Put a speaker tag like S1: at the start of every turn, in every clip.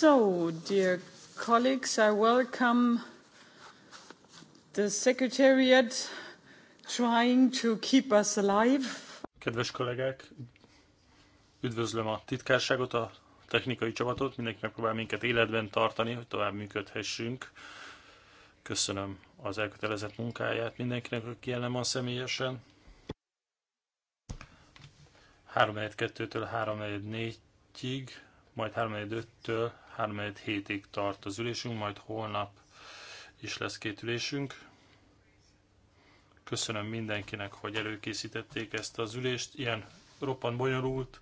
S1: So, dear colleagues, I welcome the Secretariat trying to keep
S2: us alive.
S3: Kedves kollégák, üdvözlöm a titkárságot, a technikai csapatot, mindenki megpróbál minket életben tartani, hogy tovább működhessünk. Köszönöm az elkötelezett munkáját mindenkinek, aki jelen van személyesen. 3.42-től 3.44-ig majd 3.5-től 3.7-ig tart az ülésünk, majd holnap is lesz két ülésünk. Köszönöm mindenkinek, hogy előkészítették ezt az ülést. Ilyen roppant bonyolult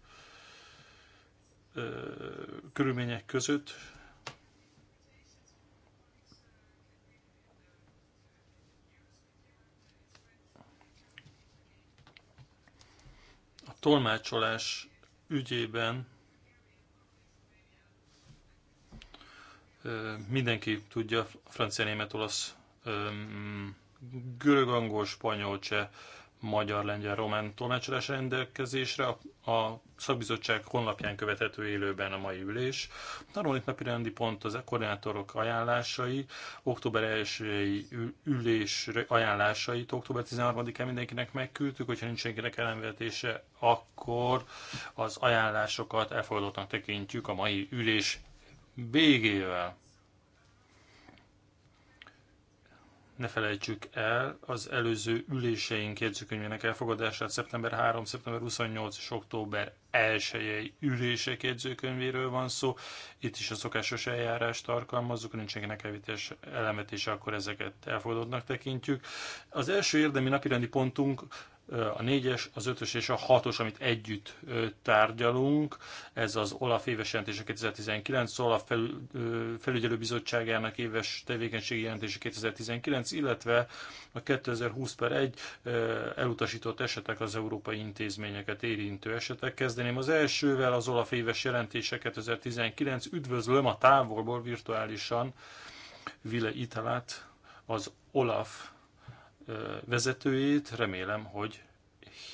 S3: körülmények között. A tolmácsolás ügyében mindenki tudja, francia, német, olasz, görög, angol, spanyol, cseh, magyar, lengyel, román tolmácsolás rendelkezésre. A szakbizottság honlapján követhető élőben a mai ülés. A tanulni napi rendi pont az koordinátorok ajánlásai, október 1 ülés ajánlásait október 13-án mindenkinek megküldtük, hogyha nincs senkinek ellenvetése, akkor az ajánlásokat elfogadottnak tekintjük a mai ülés végével. Ne felejtsük el az előző üléseink jegyzőkönyvének elfogadását szeptember 3, szeptember 28 és október 1-i ülések jegyzőkönyvéről van szó. Itt is a szokásos eljárást alkalmazzuk, nincs senkinek elvetés, elemetése, akkor ezeket elfogadottnak tekintjük. Az első érdemi napirendi pontunk a 4-es, az 5-ös és a 6-os, amit együtt tárgyalunk. Ez az OLAF éves jelentése 2019, OLAF felügyelőbizottságának éves tevékenységi jelentése 2019, illetve a 2020 per 1 elutasított esetek az európai intézményeket érintő esetek. Kezdeném az elsővel, az OLAF éves jelentése 2019. Üdvözlöm a távolból virtuálisan Vile Italát, az OLAF vezetőjét. Remélem, hogy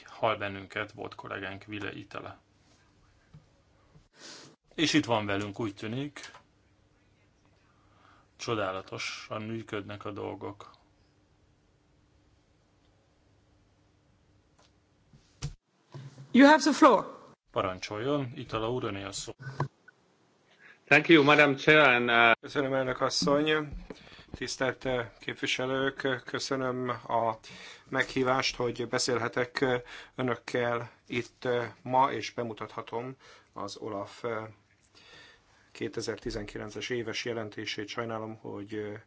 S3: hall bennünket volt kollégánk Vile Itele. És itt van velünk, úgy tűnik. Csodálatosan működnek a dolgok. You have the floor. Parancsoljon, Itala úr, a szó.
S2: Thank you, Madam Chair. And, uh... Köszönöm, elnök asszony. Tisztelt eh, képviselők, köszönöm a meghívást, hogy beszélhetek eh, önökkel itt eh, ma, és bemutathatom az OLAF 2019-es éves jelentését. Sajnálom, hogy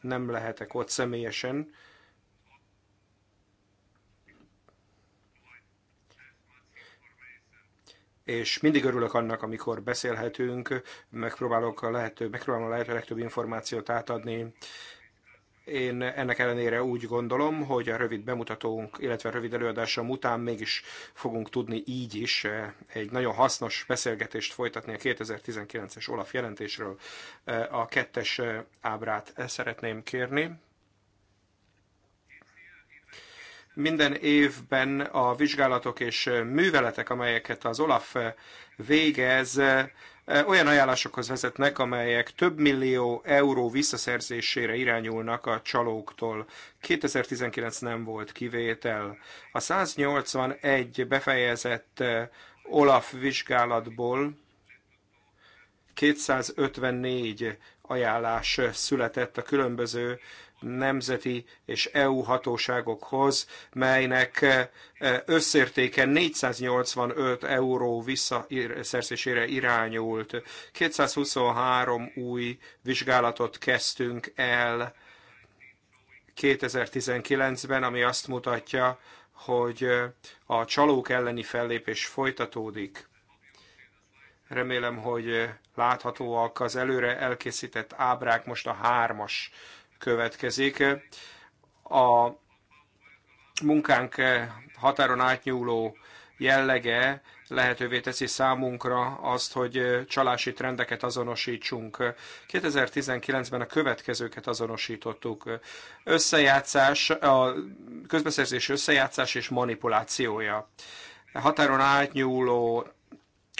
S2: nem lehetek ott személyesen, és mindig örülök annak, amikor beszélhetünk, megpróbálok a lehető, megpróbálom a lehető legtöbb információt átadni. Én ennek ellenére úgy gondolom, hogy a rövid bemutatónk, illetve a rövid előadásom után mégis fogunk tudni így is eh, egy nagyon hasznos beszélgetést folytatni a 2019-es Olaf jelentésről. Eh, a kettes eh, ábrát szeretném kérni. Minden évben a vizsgálatok és műveletek, amelyeket az OLAF végez, olyan ajánlásokhoz vezetnek, amelyek több millió euró visszaszerzésére irányulnak a csalóktól. 2019 nem volt kivétel. A 181 befejezett Olaf vizsgálatból 254 ajánlás született a különböző nemzeti és EU hatóságokhoz, melynek eh, eh, összértéke 485 euró visszaszerzésére irányult. 223 új vizsgálatot kezdtünk el 2019-ben, ami azt mutatja, hogy eh, a csalók elleni fellépés folytatódik. Remélem, hogy láthatóak az előre elkészített ábrák, most a hármas következik. A munkánk határon átnyúló jellege lehetővé teszi számunkra azt, hogy csalási trendeket azonosítsunk. 2019-ben a következőket azonosítottuk. Összejátszás, a közbeszerzés összejátszás és manipulációja. Határon átnyúló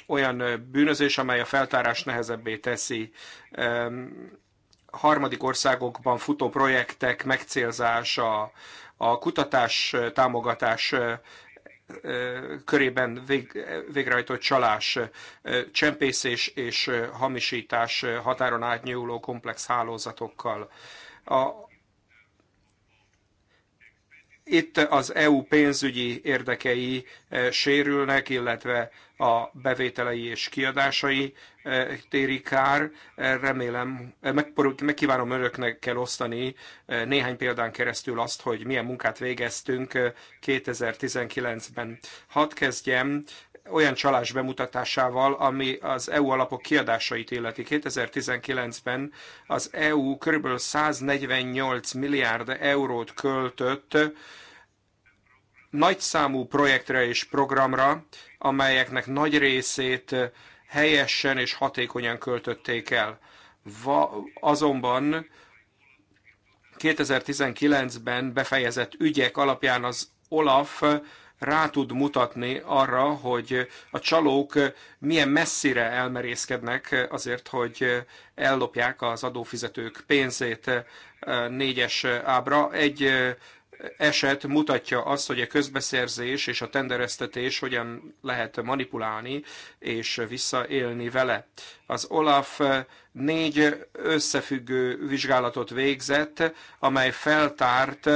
S2: olyan bűnözés, amely a feltárás nehezebbé teszi harmadik országokban futó projektek megcélzása, a kutatás támogatás körében vég, végrehajtott csalás, csempészés és hamisítás határon átnyúló komplex hálózatokkal. A, itt az EU pénzügyi érdekei sérülnek, illetve a bevételei és kiadásai eh, téri kár. Eh, remélem, eh, megkívánom meg önöknek kell osztani néhány példán keresztül azt, hogy milyen munkát végeztünk 2019-ben. Hadd kezdjem olyan csalás bemutatásával, ami az EU alapok kiadásait illeti. 2019-ben az EU kb. 148 milliárd eurót költött nagyszámú projektre és programra, amelyeknek nagy részét helyesen és hatékonyan költötték el. Va, azonban 2019-ben befejezett ügyek alapján az Olaf rá tud mutatni arra, hogy a csalók milyen messzire elmerészkednek azért, hogy ellopják az adófizetők pénzét négyes ábra. Egy eset mutatja azt, hogy a közbeszerzés és a tendereztetés hogyan lehet manipulálni és visszaélni vele. Az Olaf négy összefüggő vizsgálatot végzett, amely feltárt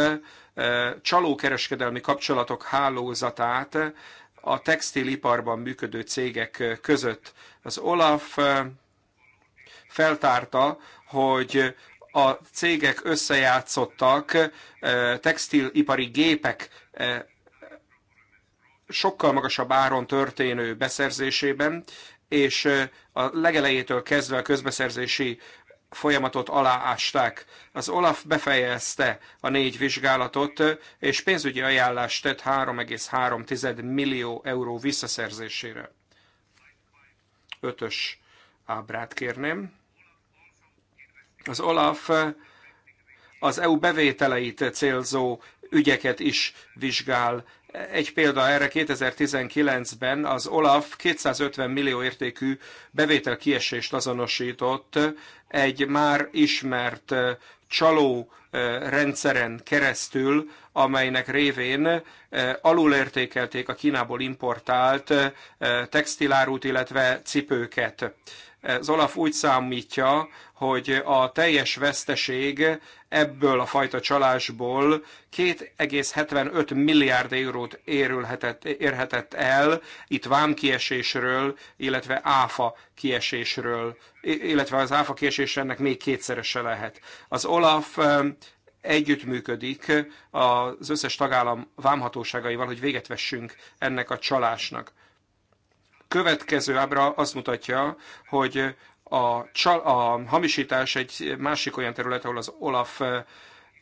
S2: csalókereskedelmi kapcsolatok hálózatát a textiliparban működő cégek között. Az Olaf feltárta, hogy a cégek összejátszottak, textilipari gépek sokkal magasabb áron történő beszerzésében, és a legelejétől kezdve a közbeszerzési folyamatot aláásták. Az Olaf befejezte a négy vizsgálatot, és pénzügyi ajánlást tett 3,3 millió euró visszaszerzésére. Ötös ábrát kérném. Az Olaf az EU bevételeit célzó ügyeket is vizsgál. Egy példa erre 2019-ben az Olaf 250 millió értékű bevételkiesést azonosított egy már ismert csaló rendszeren keresztül, amelynek révén alulértékelték a Kínából importált textilárut, illetve cipőket. Az Olaf úgy számítja, hogy a teljes veszteség ebből a fajta csalásból 2,75 milliárd eurót érülhetett, érhetett el, itt vámkiesésről, illetve áfa kiesésről, illetve az áfa kiesés ennek még kétszerese lehet. Az Olaf együttműködik az összes tagállam vámhatóságaival, hogy véget vessünk ennek a csalásnak következő ábra azt mutatja, hogy a, csal, a hamisítás egy másik olyan terület, ahol az Olaf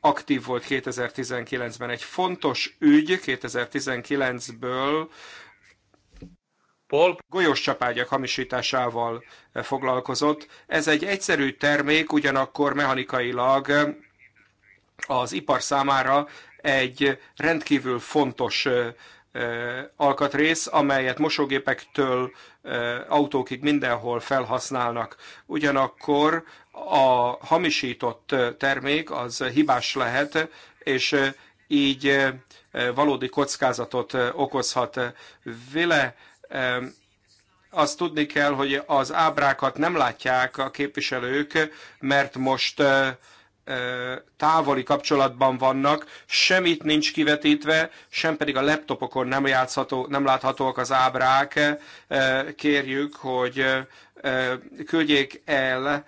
S2: aktív volt 2019-ben. Egy fontos ügy 2019-ből Paul csapágyak hamisításával foglalkozott. Ez egy egyszerű termék, ugyanakkor mechanikailag az ipar számára egy rendkívül fontos alkatrész, amelyet mosógépektől autókig mindenhol felhasználnak. Ugyanakkor a hamisított termék az hibás lehet, és így valódi kockázatot okozhat vele. Azt tudni kell, hogy az ábrákat nem látják a képviselők, mert most távoli kapcsolatban vannak, semmit nincs kivetítve, sem pedig a laptopokon nem, játszható, nem láthatóak az ábrák. Kérjük, hogy küldjék el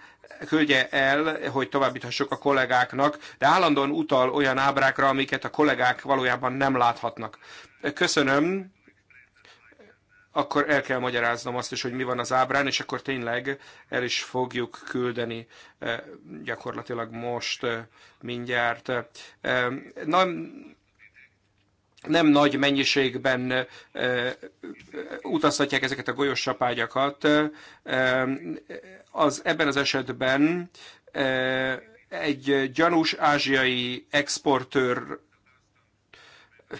S2: küldje el, hogy továbbíthassuk a kollégáknak, de állandóan utal olyan ábrákra, amiket a kollégák valójában nem láthatnak. Köszönöm akkor el kell magyaráznom azt is, hogy mi van az ábrán, és akkor tényleg el is fogjuk küldeni eh, gyakorlatilag most eh, mindjárt. Eh, nem, nem nagy mennyiségben utaztatják ezeket a golyósapágyakat. Az, ebben az esetben egy gyanús ázsiai exportőr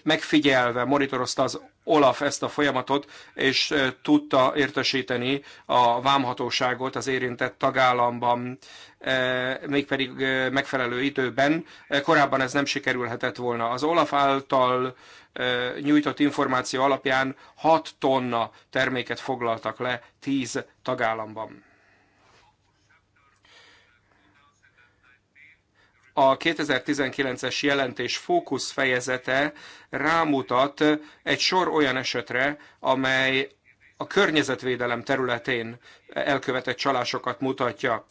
S2: megfigyelve monitorozta az Olaf ezt a folyamatot, és tudta értesíteni a vámhatóságot az érintett tagállamban, mégpedig megfelelő időben. Korábban ez nem sikerülhetett volna. Az Olaf által nyújtott információ alapján 6 tonna terméket foglaltak le 10 tagállamban. A 2019-es jelentés fókusz fejezete rámutat egy sor olyan esetre, amely a környezetvédelem területén elkövetett csalásokat mutatja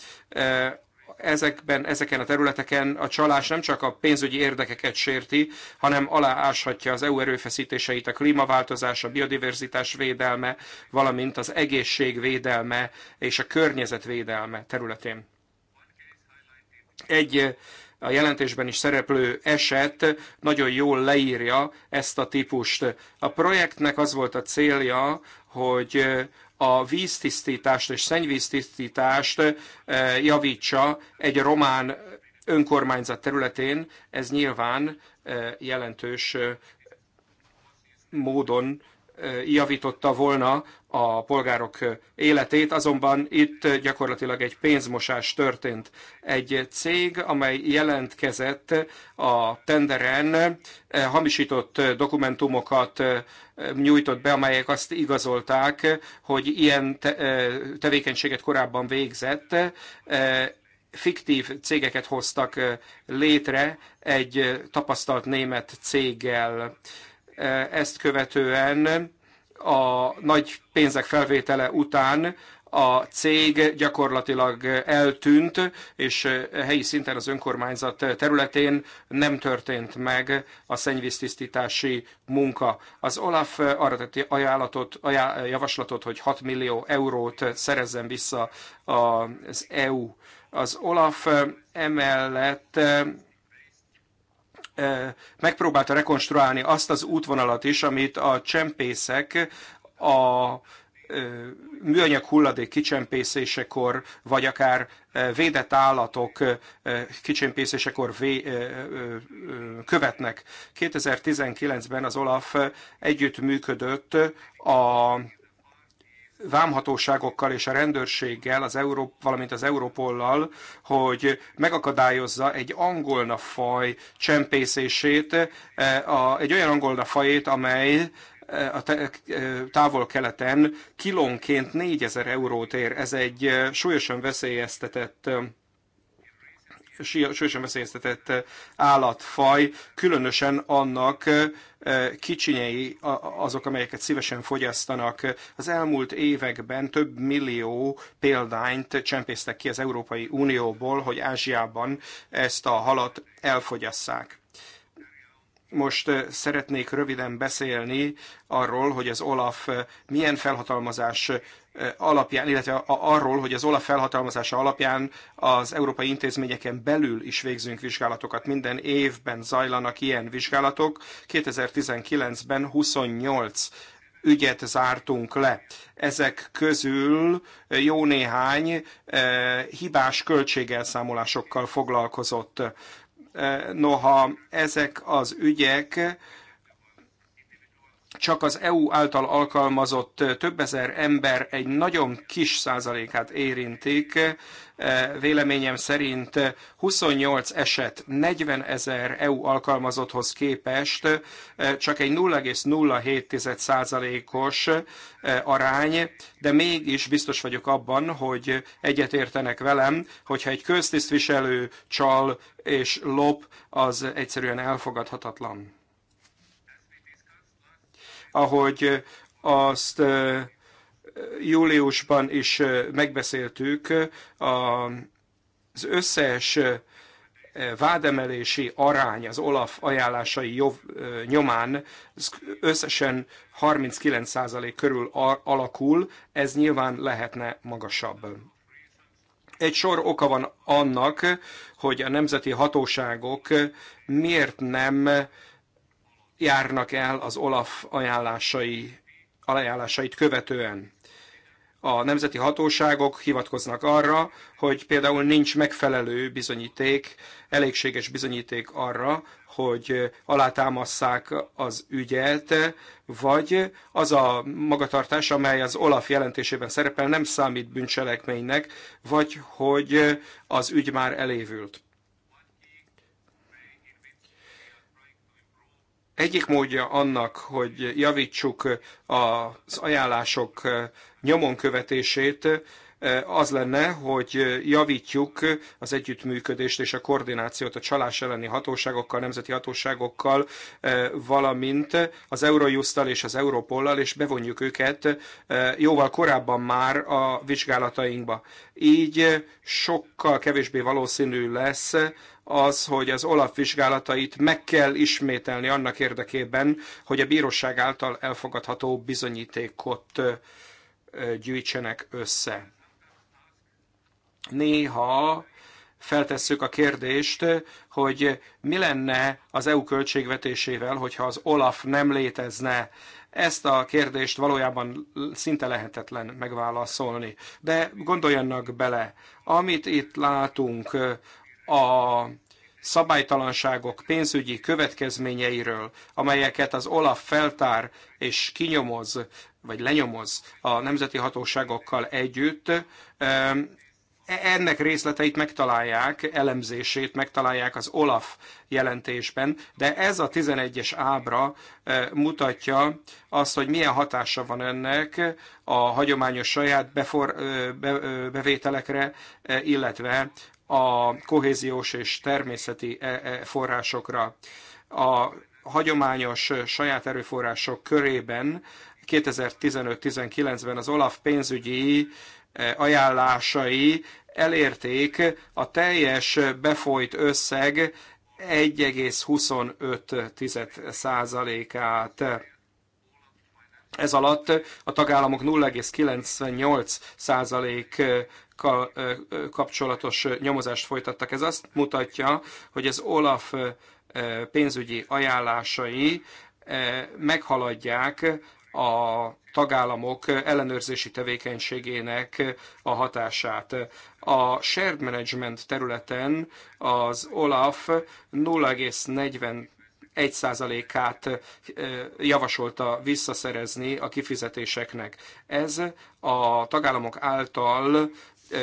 S2: ezekben, ezeken a területeken a csalás nem csak a pénzügyi érdekeket sérti, hanem alááshatja az EU erőfeszítéseit, a klímaváltozás, a biodiverzitás védelme, valamint az egészség védelme és a környezet védelme területén. Egy a jelentésben is szereplő eset nagyon jól leírja ezt a típust. A projektnek az volt a célja, hogy a víztisztítást és szennyvíztisztítást eh, javítsa egy román önkormányzat területén. Ez nyilván eh, jelentős eh, módon javította volna a polgárok életét, azonban itt gyakorlatilag egy pénzmosás történt. Egy cég, amely jelentkezett a tenderen, hamisított dokumentumokat eh, nyújtott be, amelyek azt igazolták, hogy ilyen eh, tevékenységet korábban végzett, eh, fiktív cégeket hoztak létre egy tapasztalt német céggel. Ezt követően a nagy pénzek felvétele után a cég gyakorlatilag eltűnt, és helyi szinten az önkormányzat területén nem történt meg a szennyvíztisztítási munka. Az OLAF arra tett ajánlatot, ajánl, javaslatot, hogy 6 millió eurót szerezzen vissza az EU. Az OLAF emellett megpróbálta rekonstruálni azt az útvonalat is, amit a csempészek a műanyag hulladék kicsempészésekor, vagy akár védett állatok kicsempészésekor követnek. 2019-ben az OLAF együttműködött a vámhatóságokkal és a rendőrséggel, az Euró, valamint az Európollal, hogy megakadályozza egy angolna faj csempészését, eh, egy olyan angolna fajét, amely eh, a eh, távol-keleten kilónként 4000 eurót ér. Ez egy súlyosan veszélyeztetett súlyosan veszélyeztetett állatfaj, különösen annak kicsinyei azok, amelyeket szívesen fogyasztanak. Az elmúlt években több millió példányt csempésztek ki az Európai Unióból, hogy Ázsiában ezt a halat elfogyasszák. Most szeretnék röviden beszélni arról, hogy az OLAF milyen felhatalmazás Eh, alapján, illetve arról, hogy az OLAF felhatalmazása alapján az európai intézményeken belül is végzünk vizsgálatokat. Minden évben zajlanak ilyen vizsgálatok. 2019-ben 28 ügyet zártunk le. Ezek közül jó néhány eh, hibás költségelszámolásokkal foglalkozott. Eh, noha ezek az ügyek csak az EU által alkalmazott több ezer ember egy nagyon kis százalékát érintik. Véleményem szerint 28 eset 40 ezer EU alkalmazotthoz képest csak egy 0,07 százalékos arány, de mégis biztos vagyok abban, hogy egyetértenek velem, hogyha egy köztisztviselő csal és lop, az egyszerűen elfogadhatatlan ahogy azt júliusban is megbeszéltük, az összes vádemelési arány az Olaf ajánlásai nyomán összesen 39% körül alakul, ez nyilván lehetne magasabb. Egy sor oka van annak, hogy a nemzeti hatóságok miért nem járnak el az Olaf ajánlásai, ajánlásait követően. A nemzeti hatóságok hivatkoznak arra, hogy például nincs megfelelő bizonyíték, elégséges bizonyíték arra, hogy alátámasszák az ügyet, vagy az a magatartás, amely az Olaf jelentésében szerepel, nem számít bűncselekménynek, vagy hogy az ügy már elévült. egyik módja annak, hogy javítsuk az ajánlások nyomon követését, az lenne, hogy javítjuk az együttműködést és a koordinációt a csalás elleni hatóságokkal, nemzeti hatóságokkal, valamint az Eurojusttal és az Europollal, és bevonjuk őket jóval korábban már a vizsgálatainkba. Így sokkal kevésbé valószínű lesz az, hogy az Olaf vizsgálatait meg kell ismételni annak érdekében, hogy a bíróság által elfogadható bizonyítékot gyűjtsenek össze. Néha feltesszük a kérdést, hogy mi lenne az EU költségvetésével, hogyha az Olaf nem létezne. Ezt a kérdést valójában szinte lehetetlen megválaszolni. De gondoljanak bele, amit itt látunk, a szabálytalanságok pénzügyi következményeiről, amelyeket az OLAF feltár és kinyomoz, vagy lenyomoz a nemzeti hatóságokkal együtt, e- ennek részleteit megtalálják, elemzését megtalálják az OLAF jelentésben, de ez a 11-es ábra e, mutatja azt, hogy milyen hatása van ennek a hagyományos saját befor, be, bevételekre, e, illetve a kohéziós és természeti e, e, forrásokra. A hagyományos saját erőforrások körében 2015-19-ben az OLAF pénzügyi e, ajánlásai elérték a teljes befolyt összeg 1,25%-át. Ez alatt a tagállamok 0,98% kapcsolatos nyomozást folytattak. Ez azt mutatja, hogy az Olaf pénzügyi ajánlásai meghaladják a tagállamok ellenőrzési tevékenységének a hatását. A shared management területen az OLAF 0,41%-át javasolta visszaszerezni a kifizetéseknek. Ez a tagállamok által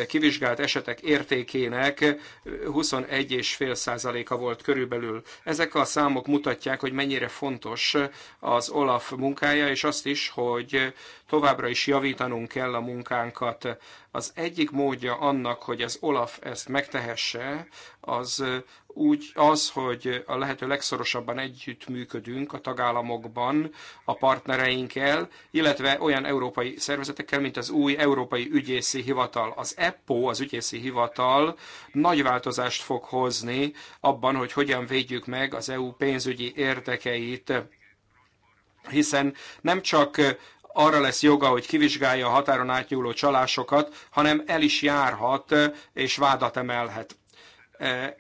S2: kivizsgált esetek értékének 21,5%-a volt körülbelül. Ezek a számok mutatják, hogy mennyire fontos az OLAF munkája, és azt is, hogy továbbra is javítanunk kell a munkánkat. Az egyik módja annak, hogy az Olaf ezt megtehesse, az úgy az, hogy a lehető legszorosabban együtt működünk a tagállamokban a partnereinkkel, illetve olyan európai szervezetekkel, mint az új Európai Ügyészi Hivatal. Az EPPO, az Ügyészi Hivatal nagy változást fog hozni abban, hogy hogyan védjük meg az EU pénzügyi érdekeit hiszen nem csak arra lesz joga, hogy kivizsgálja a határon átnyúló csalásokat, hanem el is járhat eh, és vádat emelhet eh,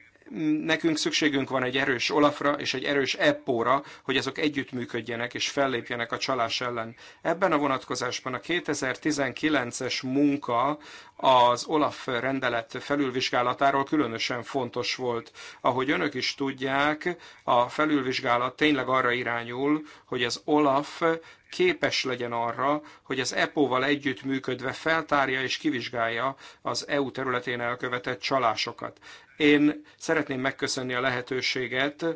S2: nekünk szükségünk van egy erős Olafra és egy erős Eppóra, hogy azok együttműködjenek és fellépjenek a csalás ellen. Ebben a vonatkozásban a 2019-es munka az Olaf rendelet felülvizsgálatáról különösen fontos volt. Ahogy önök is tudják, a felülvizsgálat tényleg arra irányul, hogy az Olaf képes legyen arra, hogy az EPO-val együttműködve feltárja és kivizsgálja az EU területén elkövetett csalásokat. Én szeretném megköszönni a lehetőséget,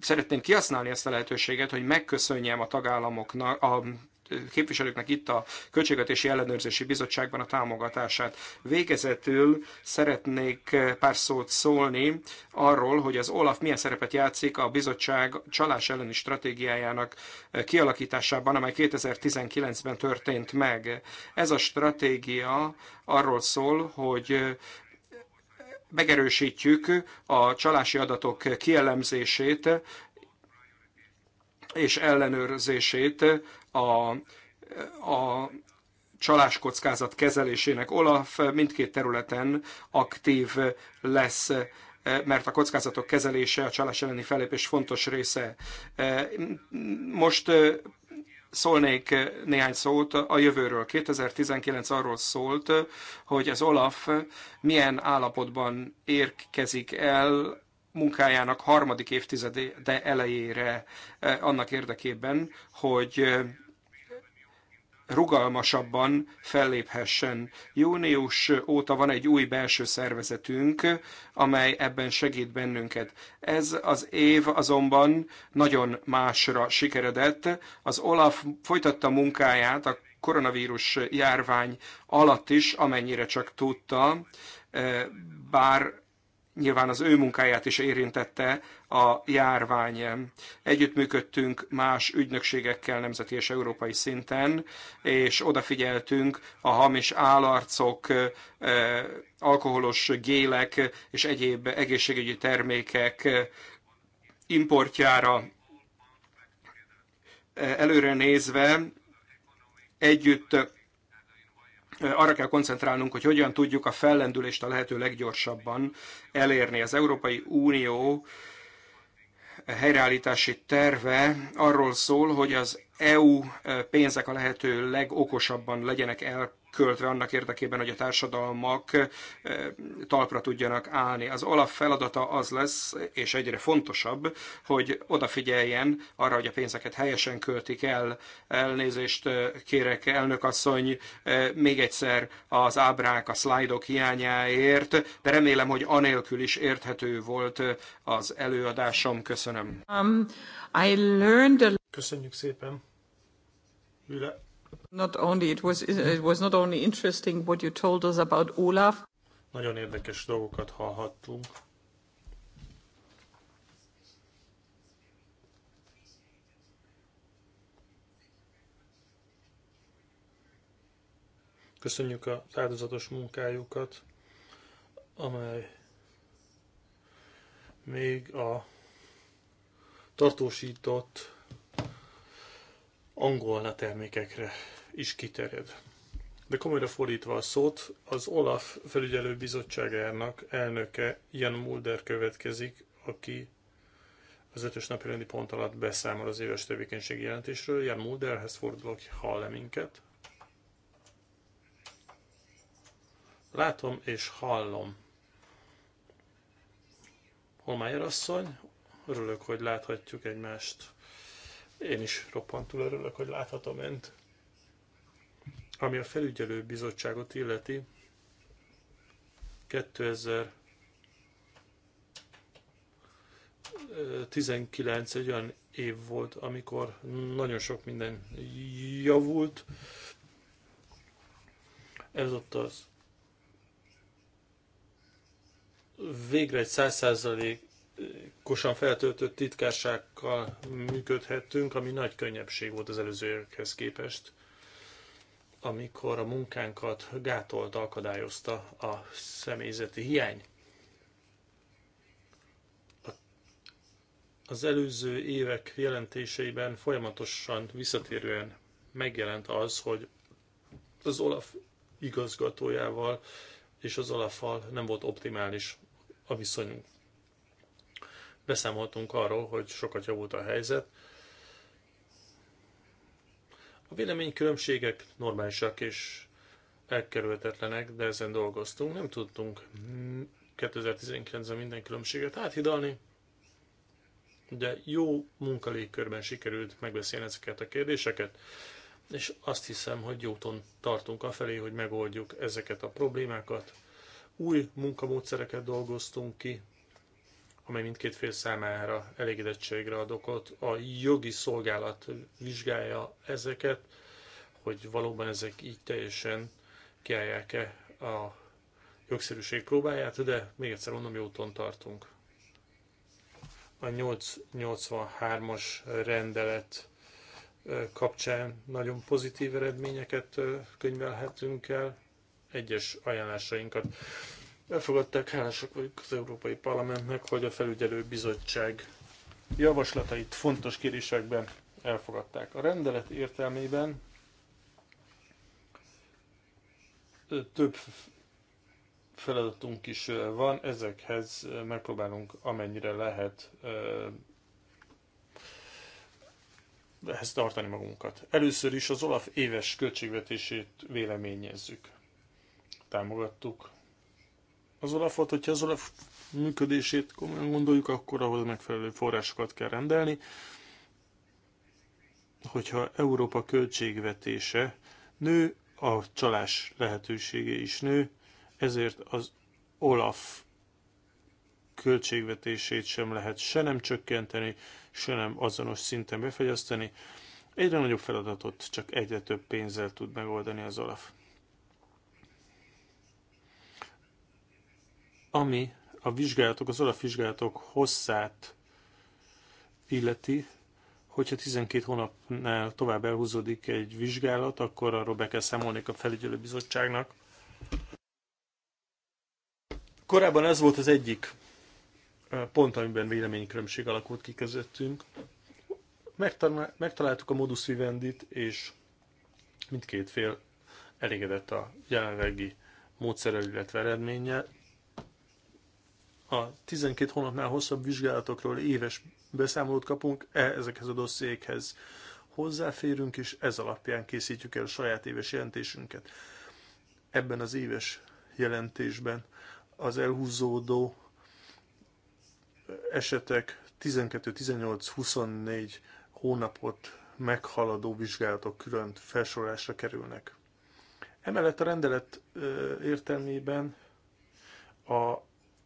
S2: szeretném kihasználni ezt a lehetőséget, hogy megköszönjem a tagállamoknak, a képviselőknek itt a Költségvetési Ellenőrzési Bizottságban a támogatását. Végezetül szeretnék pár szót szólni arról, hogy az OLAF milyen szerepet játszik a bizottság csalás elleni stratégiájának kialakításában, amely 2019-ben történt meg. Ez a stratégia arról szól, hogy megerősítjük a csalási adatok kielemzését és ellenőrzését a, a csalás kockázat kezelésének. Olaf mindkét területen aktív lesz mert a kockázatok kezelése, a csalás elleni fellépés fontos része. Most szólnék néhány szót a jövőről. 2019 arról szólt, hogy az Olaf milyen állapotban érkezik el munkájának harmadik évtizede elejére eh, annak érdekében, hogy eh, rugalmasabban felléphessen. Június óta van egy új belső szervezetünk, amely ebben segít bennünket. Ez az év azonban nagyon másra sikeredett. Az Olaf folytatta munkáját a koronavírus járvány alatt is, amennyire csak tudta, eh, bár nyilván az ő munkáját is érintette a járvány. Együttműködtünk más ügynökségekkel nemzeti és európai szinten, és odafigyeltünk a hamis állarcok, alkoholos gélek és egyéb egészségügyi termékek importjára. Előre nézve együtt arra kell koncentrálnunk, hogy hogyan tudjuk a fellendülést a lehető leggyorsabban elérni. Az Európai Unió helyreállítási terve arról szól, hogy az EU eh, pénzek a lehető legokosabban legyenek el Költve annak érdekében, hogy a társadalmak eh, talpra tudjanak állni. Az alap feladata az lesz, és egyre fontosabb, hogy odafigyeljen arra, hogy a pénzeket helyesen költik el. Elnézést eh, kérek, elnök asszony, eh, még egyszer az ábrák, a szlájdok hiányáért, de remélem, hogy anélkül is érthető volt az előadásom. Köszönöm. Um,
S3: I learned a... Köszönjük szépen.
S2: Üle Not only, it
S3: was, it
S1: was not only interesting what you told us about Olaf.
S3: Nagyon érdekes dolgokat hallhattunk. Köszönjük a áldozatos munkájukat, amely még a tartósított angolna termékekre is kiterjed. De komolyra fordítva a szót, az Olaf felügyelő bizottságának elnöke Jan Mulder következik, aki az ötös napi rendi pont alatt beszámol az éves tevékenységi jelentésről. Jan Mulderhez fordulok, hall-e minket? Látom és hallom. Holmájer asszony, örülök, hogy láthatjuk egymást. Én is roppantul örülök, hogy láthatom önt. Ami a felügyelő bizottságot illeti, 2019 egy olyan év volt, amikor nagyon sok minden javult. Ez ott az végre egy százszázalékosan feltöltött titkársággal működhettünk, ami nagy könnyebbség volt az előzőekhez képest amikor a munkánkat gátolt, akadályozta a személyzeti hiány. Az előző évek jelentéseiben folyamatosan visszatérően megjelent az, hogy az Olaf igazgatójával és az olaf nem volt optimális a viszonyunk. Beszámoltunk arról, hogy sokat javult a helyzet, a véleménykülönbségek normálisak és elkerülhetetlenek, de ezen dolgoztunk. Nem tudtunk 2019-ben minden különbséget áthidalni, de jó munkalégkörben sikerült megbeszélni ezeket a kérdéseket, és azt hiszem, hogy jóton tartunk afelé, hogy megoldjuk ezeket a problémákat. Új munkamódszereket dolgoztunk ki, amely mindkét fél számára elégedettségre ad okot. A jogi szolgálat vizsgálja ezeket, hogy valóban ezek így teljesen kiállják-e a jogszerűség próbáját, de még egyszer mondom, jó úton tartunk. A 883-as rendelet kapcsán nagyon pozitív eredményeket könyvelhetünk el, egyes ajánlásainkat Elfogadták, hálásak vagyunk az Európai Parlamentnek, hogy a felügyelő bizottság javaslatait fontos kérésekben elfogadták. A rendelet értelmében több feladatunk is van, ezekhez megpróbálunk amennyire lehet ehhez tartani magunkat. Először is az Olaf éves költségvetését véleményezzük. Támogattuk az Olafot, hogyha az Olaf működését komolyan gondoljuk, akkor ahhoz megfelelő forrásokat kell rendelni. Hogyha Európa költségvetése nő, a csalás lehetősége is nő, ezért az Olaf költségvetését sem lehet se nem csökkenteni, se nem azonos szinten befegyezteni. Egyre nagyobb feladatot csak egyre több pénzzel tud megoldani az Olaf. Ami a vizsgálatok, az alapvizsgálatok hosszát illeti, hogyha 12 hónapnál tovább elhúzódik egy vizsgálat, akkor arról be kell számolni a felügyelőbizottságnak. Korábban ez volt az egyik pont, amiben véleménykülönbség alakult ki közöttünk. Megtaláltuk a modus vivendit, és mindkét fél elégedett a jelenlegi módszerrel, illetve eredménnyel a 12 hónapnál hosszabb vizsgálatokról éves beszámolót kapunk e ezekhez a dossziékhez. Hozzáférünk, és ez alapján készítjük el a saját éves jelentésünket. Ebben az éves jelentésben az elhúzódó esetek 12-18-24 hónapot meghaladó vizsgálatok külön felsorolásra kerülnek. Emellett a rendelet értelmében a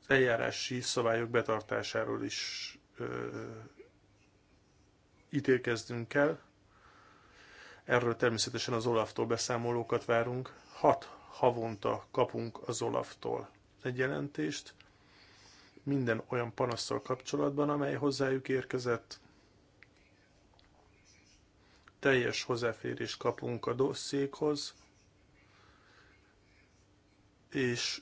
S3: eljárási szabályok betartásáról is ö, ítélkezdünk el. Erről természetesen az Olaftól beszámolókat várunk. Hat havonta kapunk az Olaftól egy jelentést, minden olyan panaszsal kapcsolatban, amely hozzájuk érkezett. Teljes hozzáférést kapunk a dossziékhoz, és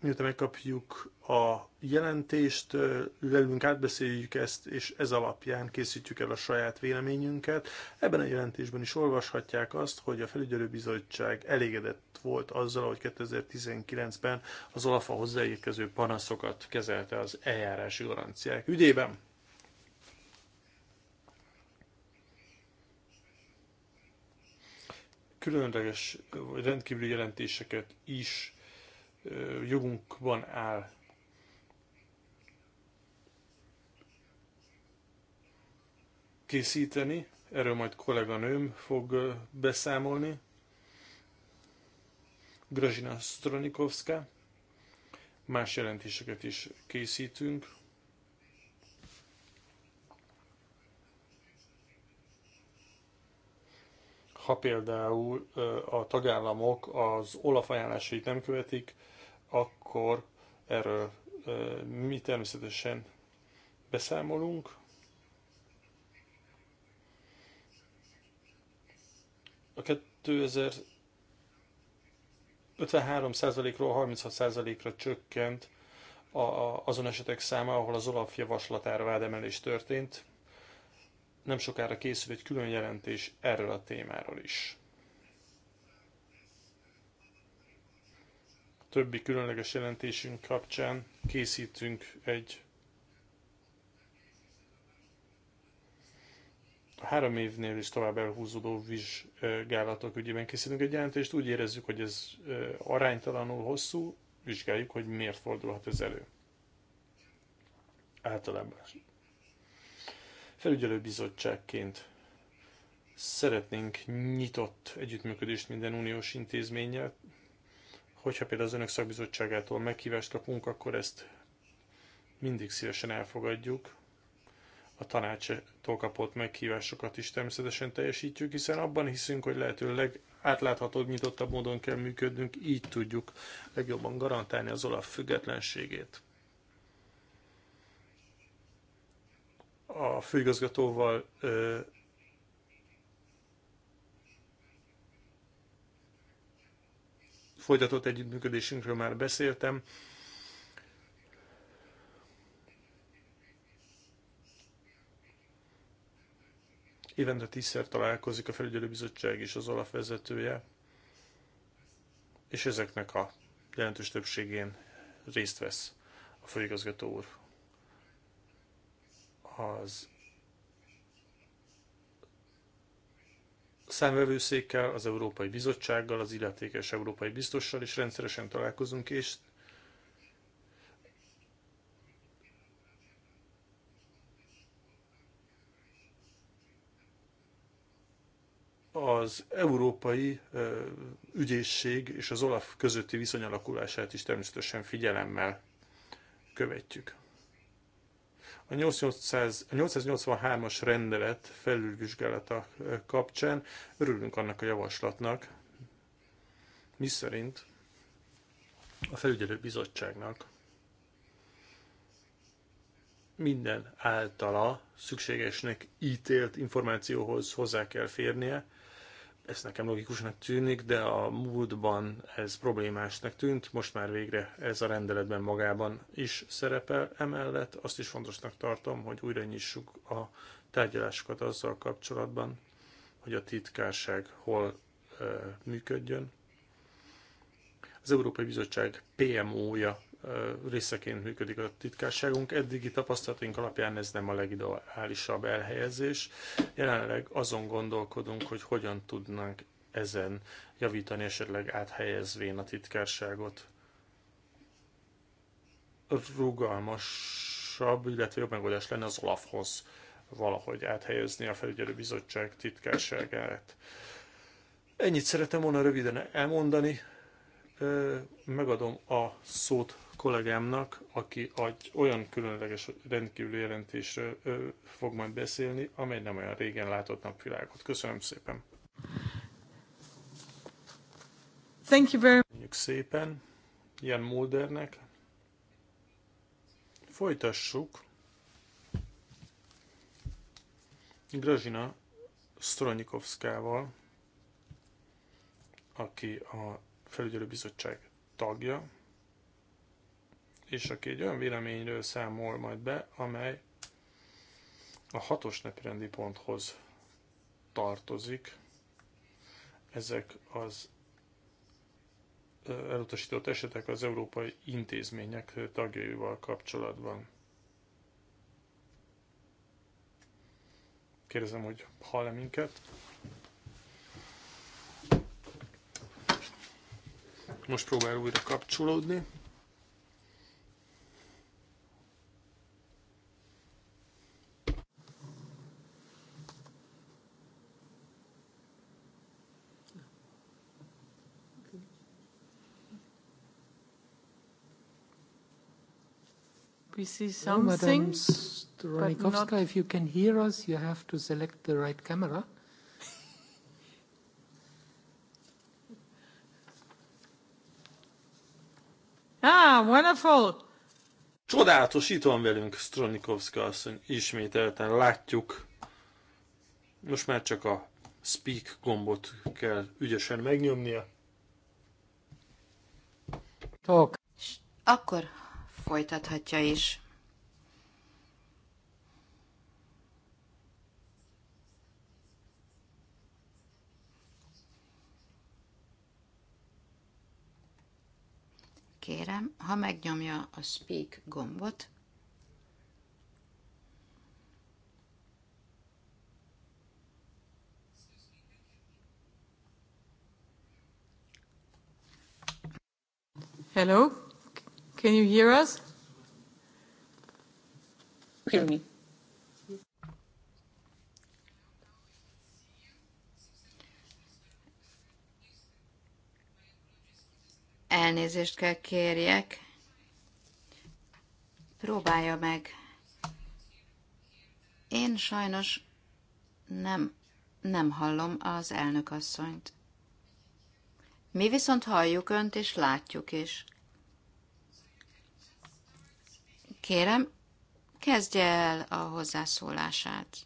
S3: miután megkapjuk a jelentést, leülünk, átbeszéljük ezt, és ez alapján készítjük el a saját véleményünket. Ebben a jelentésben is olvashatják azt, hogy a felügyelőbizottság elégedett volt azzal, hogy 2019-ben az Olafa hozzáérkező panaszokat kezelte az eljárási garanciák ügyében. Különleges, vagy rendkívüli jelentéseket is jogunkban áll. készíteni, erről majd kolléganőm fog beszámolni, Grazina Stronikovska, más jelentéseket is készítünk. Ha például a tagállamok az olaf ajánlásait nem követik, akkor erről mi természetesen beszámolunk. A 2000 53%-ról 36%-ra csökkent a, azon esetek száma, ahol az Olaf javaslatára vádemelés történt. Nem sokára készül egy külön jelentés erről a témáról is. többi különleges jelentésünk kapcsán készítünk egy három évnél is tovább elhúzódó vizsgálatok ügyében készítünk egy jelentést, úgy érezzük, hogy ez aránytalanul hosszú, vizsgáljuk, hogy miért fordulhat ez elő. Általában. Felügyelőbizottságként szeretnénk nyitott együttműködést minden uniós intézménnyel, Hogyha például az önök szakbizottságától meghívást kapunk, akkor ezt mindig szívesen elfogadjuk. A tanácstól kapott meghívásokat is természetesen teljesítjük, hiszen abban hiszünk, hogy lehetőleg átláthatóbb, nyitottabb módon kell működnünk, így tudjuk legjobban garantálni az olaf függetlenségét. A főigazgatóval folytatott együttműködésünkről már beszéltem. Évente tízszer találkozik a felügyelőbizottság és az OLAF vezetője, és ezeknek a jelentős többségén részt vesz a főigazgató úr. Az számvevőszékkel, az Európai Bizottsággal, az illetékes Európai Biztossal is rendszeresen találkozunk, és az Európai Ügyészség és az OLAF közötti viszonyalakulását is természetesen figyelemmel követjük. A 883-as rendelet felülvizsgálata kapcsán örülünk annak a javaslatnak, miszerint a felügyelő bizottságnak minden általa szükségesnek ítélt információhoz hozzá kell férnie, ez nekem logikusnak tűnik, de a múltban ez problémásnak tűnt, most már végre ez a rendeletben magában is szerepel. Emellett azt is fontosnak tartom, hogy újra nyissuk a tárgyalásokat azzal kapcsolatban, hogy a titkárság hol működjön. Az Európai Bizottság PMO-ja részeként működik a titkárságunk. Eddigi tapasztalatunk alapján ez nem a legideálisabb elhelyezés. Jelenleg azon gondolkodunk, hogy hogyan tudnánk ezen javítani, esetleg áthelyezvén a titkárságot rugalmasabb, illetve jobb megoldás lenne az Olafhoz valahogy áthelyezni a felügyelőbizottság titkárságát. Ennyit szeretem volna röviden elmondani. Megadom a szót kollégámnak, aki egy olyan különleges rendkívüli jelentésről fog majd beszélni, amely nem olyan régen látott napvilágot. Köszönöm szépen! Thank you very Köszönjük szépen Jan Muldernek. Folytassuk. Grazina Stronikovszkával, aki a felügyelőbizottság tagja, és aki egy olyan véleményről számol majd be, amely a hatos napirendi ponthoz tartozik. Ezek az elutasított esetek az európai intézmények tagjaival kapcsolatban. Kérdezem, hogy hall-e minket? Most próbál újra kapcsolódni.
S4: we see something. No, Madam not... if you can hear us, you
S2: have to select the right camera.
S1: ah, wonderful!
S3: Csodálatos, itt van velünk Stronikovska asszony, ismételten látjuk. Most már csak a speak gombot kell ügyesen megnyomnia.
S1: Talk. És akkor folytathatja is. Kérem, ha megnyomja a Speak gombot, Hello. Can you hear us? Hear me. Elnézést kell kérjek. Próbálja meg. Én sajnos nem, nem hallom az elnök asszonyt. Mi viszont halljuk önt, és látjuk is. Kérem, kezdje el a hozzászólását.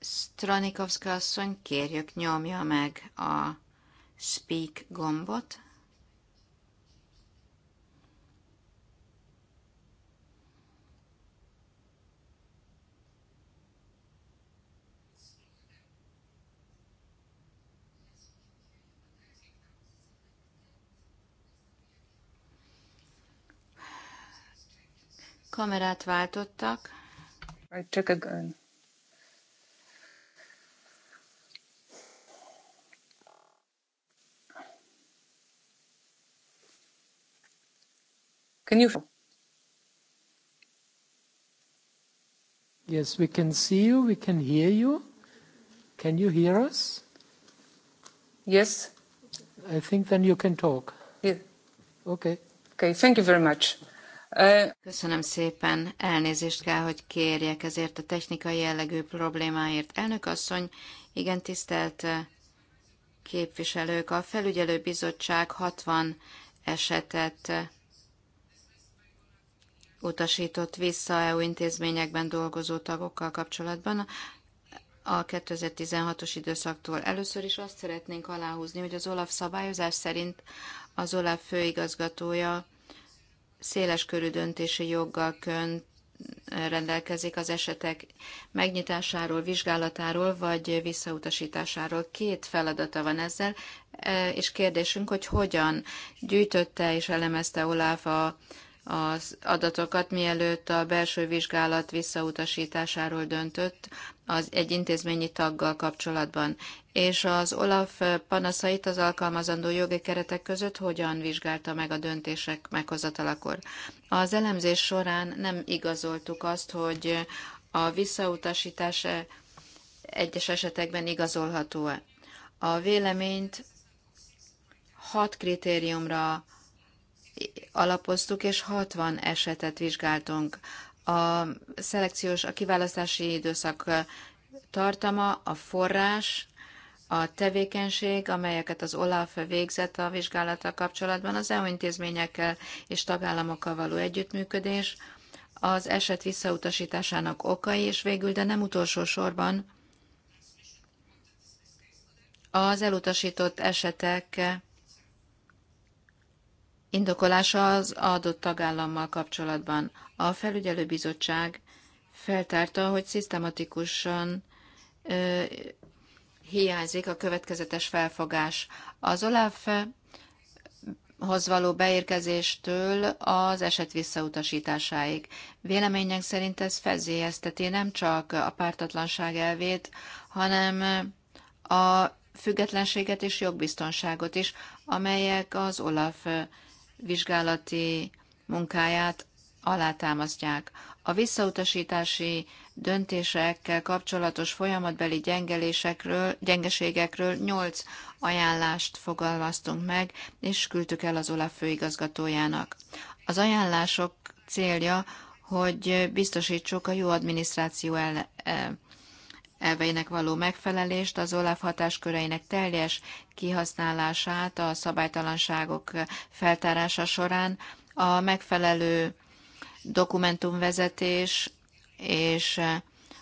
S1: Stranikovska asszony, kérjük nyomja meg a speak gombot. Kamerát váltottak. I took a gun. Can you?
S4: Yes, we can see you, we can hear you. Can you hear us? Yes. I think then you can talk.
S1: Yeah. Okay. Okay, thank you very much. Köszönöm szépen, elnézést kell, hogy kérjek ezért a technikai jellegű problémáért. Elnök asszony, igen, tisztelt eh, képviselők, a felügyelőbizottság 60 esetet eh, utasított vissza EU intézményekben dolgozó tagokkal kapcsolatban a 2016-os időszaktól. Először is azt szeretnénk aláhúzni, hogy az OLAF szabályozás szerint az OLAF főigazgatója széles körű döntési joggal könt, rendelkezik az esetek megnyitásáról, vizsgálatáról vagy visszautasításáról. Két feladata van ezzel, e, és kérdésünk, hogy hogyan gyűjtötte és elemezte Olaf a, az adatokat, mielőtt a belső vizsgálat visszautasításáról döntött az egy intézményi taggal kapcsolatban, és az Olaf panaszait az alkalmazandó jogi keretek között hogyan vizsgálta meg a döntések meghozatalakor. Az elemzés során nem igazoltuk azt, hogy a visszautasítás egyes esetekben igazolható-e. A véleményt hat kritériumra alapoztuk, és 60 esetet vizsgáltunk. A szelekciós, a kiválasztási időszak tartama, a forrás, a tevékenység, amelyeket az OLAF végzett a vizsgálattal kapcsolatban, az EU intézményekkel és tagállamokkal való együttműködés, az eset visszautasításának okai, és végül, de nem utolsó sorban az elutasított esetek indokolása az adott tagállammal kapcsolatban. A felügyelőbizottság feltárta, hogy szisztematikusan hiányzik a következetes felfogás. Az Olaf hoz való beérkezéstől az eset visszautasításáig. Véleményünk szerint ez fezélyezteti nem csak a pártatlanság elvét, hanem a függetlenséget és jogbiztonságot is, amelyek az OLAF vizsgálati munkáját alátámasztják. A visszautasítási döntésekkel kapcsolatos folyamatbeli gyengelésekről, gyengeségekről nyolc ajánlást fogalmaztunk meg, és küldtük el az OLAF főigazgatójának. Az ajánlások célja, hogy biztosítsuk a jó adminisztráció el, e, elveinek való megfelelést, az OLAF hatásköreinek teljes kihasználását a szabálytalanságok feltárása során, a megfelelő dokumentumvezetés, és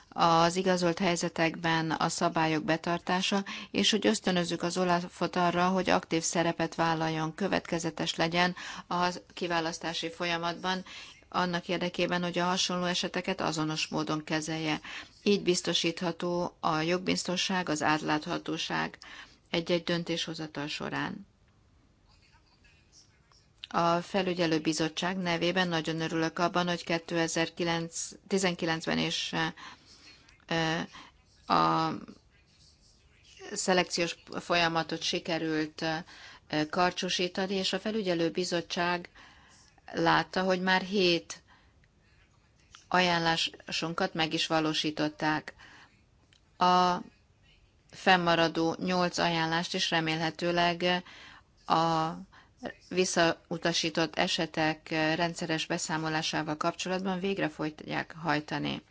S1: az igazolt helyzetekben a szabályok betartása, és hogy ösztönözzük az Olafot arra, hogy aktív szerepet vállaljon, következetes legyen a kiválasztási folyamatban, annak érdekében, hogy a hasonló eseteket azonos módon kezelje. Így biztosítható a jogbiztonság, az átláthatóság egy-egy döntéshozatal során a felügyelőbizottság nevében nagyon örülök abban, hogy 2019-ben és a szelekciós folyamatot sikerült karcsúsítani, és a felügyelőbizottság látta, hogy már hét ajánlásunkat meg is valósították. A fennmaradó nyolc ajánlást is remélhetőleg a visszautasított esetek rendszeres beszámolásával kapcsolatban végre folytják hajtani.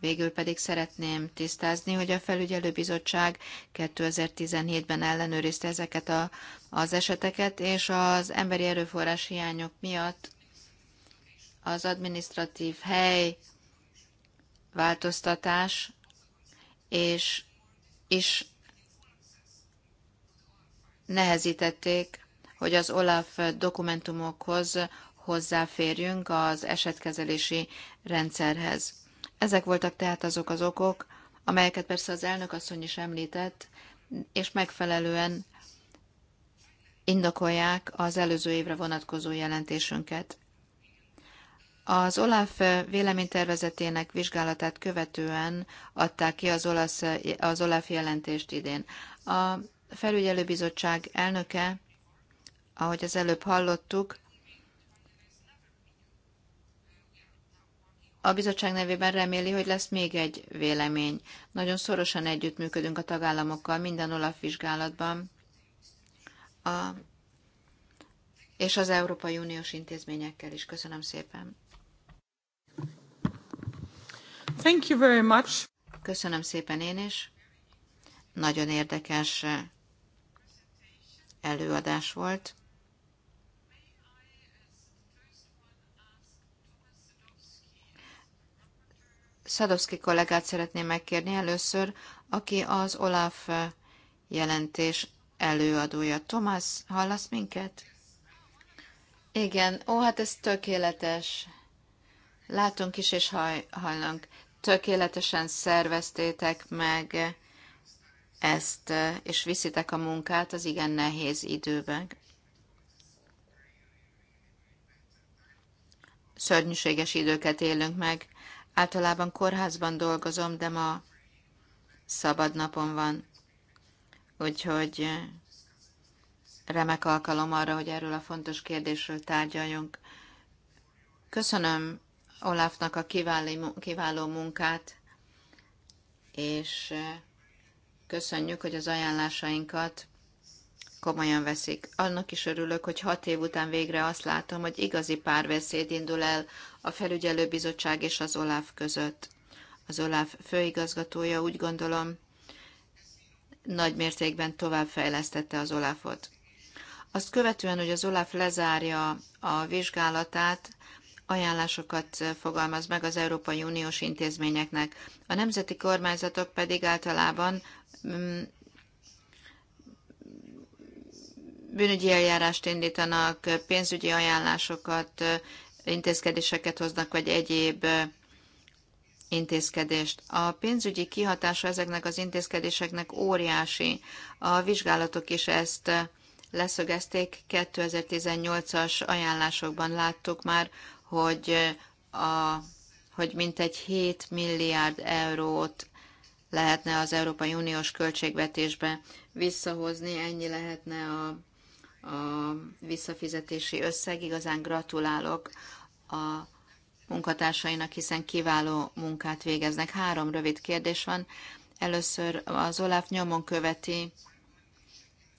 S1: Végül pedig szeretném tisztázni, hogy a felügyelőbizottság 2017-ben ellenőrizte ezeket a, az eseteket, és az emberi erőforrás hiányok miatt az administratív hely változtatás és is nehezítették hogy az OLAF dokumentumokhoz hozzáférjünk az esetkezelési rendszerhez. Ezek voltak tehát azok az okok, amelyeket persze az elnök asszony is említett, és megfelelően indokolják az előző évre vonatkozó jelentésünket. Az OLAF véleménytervezetének vizsgálatát követően adták ki az, olasz, az OLAF jelentést idén. A felügyelőbizottság elnöke ahogy az előbb hallottuk, A bizottság nevében reméli, hogy lesz még egy vélemény. Nagyon szorosan együttműködünk a tagállamokkal minden OLAF vizsgálatban, a, és az Európai Uniós intézményekkel is. Köszönöm szépen. Thank you very much. Köszönöm szépen én is. Nagyon érdekes előadás volt. Szadowski kollégát szeretném megkérni először, aki az Olaf eh, jelentés előadója. Tomás, hallasz minket? Igen, ó, hát ez tökéletes. Látunk is és haj, hallunk. Tökéletesen szerveztétek meg ezt, eh, és viszitek a munkát az igen nehéz időben. Szörnyűséges időket élünk meg Általában kórházban dolgozom, de ma szabad napom van. Úgyhogy eh, remek alkalom arra, hogy erről a fontos kérdésről tárgyaljunk. Köszönöm Olafnak a kiváló munkát, és eh, köszönjük, hogy az ajánlásainkat komolyan veszik. Annak is örülök, hogy hat év után végre azt látom, hogy igazi párbeszéd indul el a felügyelőbizottság és az OLAF között. Az OLAF főigazgatója úgy gondolom nagy mértékben továbbfejlesztette az OLAF-ot. Azt követően, hogy az OLAF lezárja a vizsgálatát, ajánlásokat fogalmaz meg az Európai Uniós intézményeknek. A nemzeti kormányzatok pedig általában mm, bűnügyi eljárást indítanak, pénzügyi ajánlásokat intézkedéseket hoznak, vagy egyéb intézkedést. A pénzügyi kihatása ezeknek az intézkedéseknek óriási. A vizsgálatok is ezt leszögezték. 2018-as ajánlásokban láttuk már, hogy, a, hogy mintegy 7 milliárd eurót lehetne az Európai Uniós költségvetésbe visszahozni, ennyi lehetne a a visszafizetési összeg. Igazán gratulálok a munkatársainak, hiszen kiváló munkát végeznek. Három rövid kérdés van. Először az Olaf nyomon követi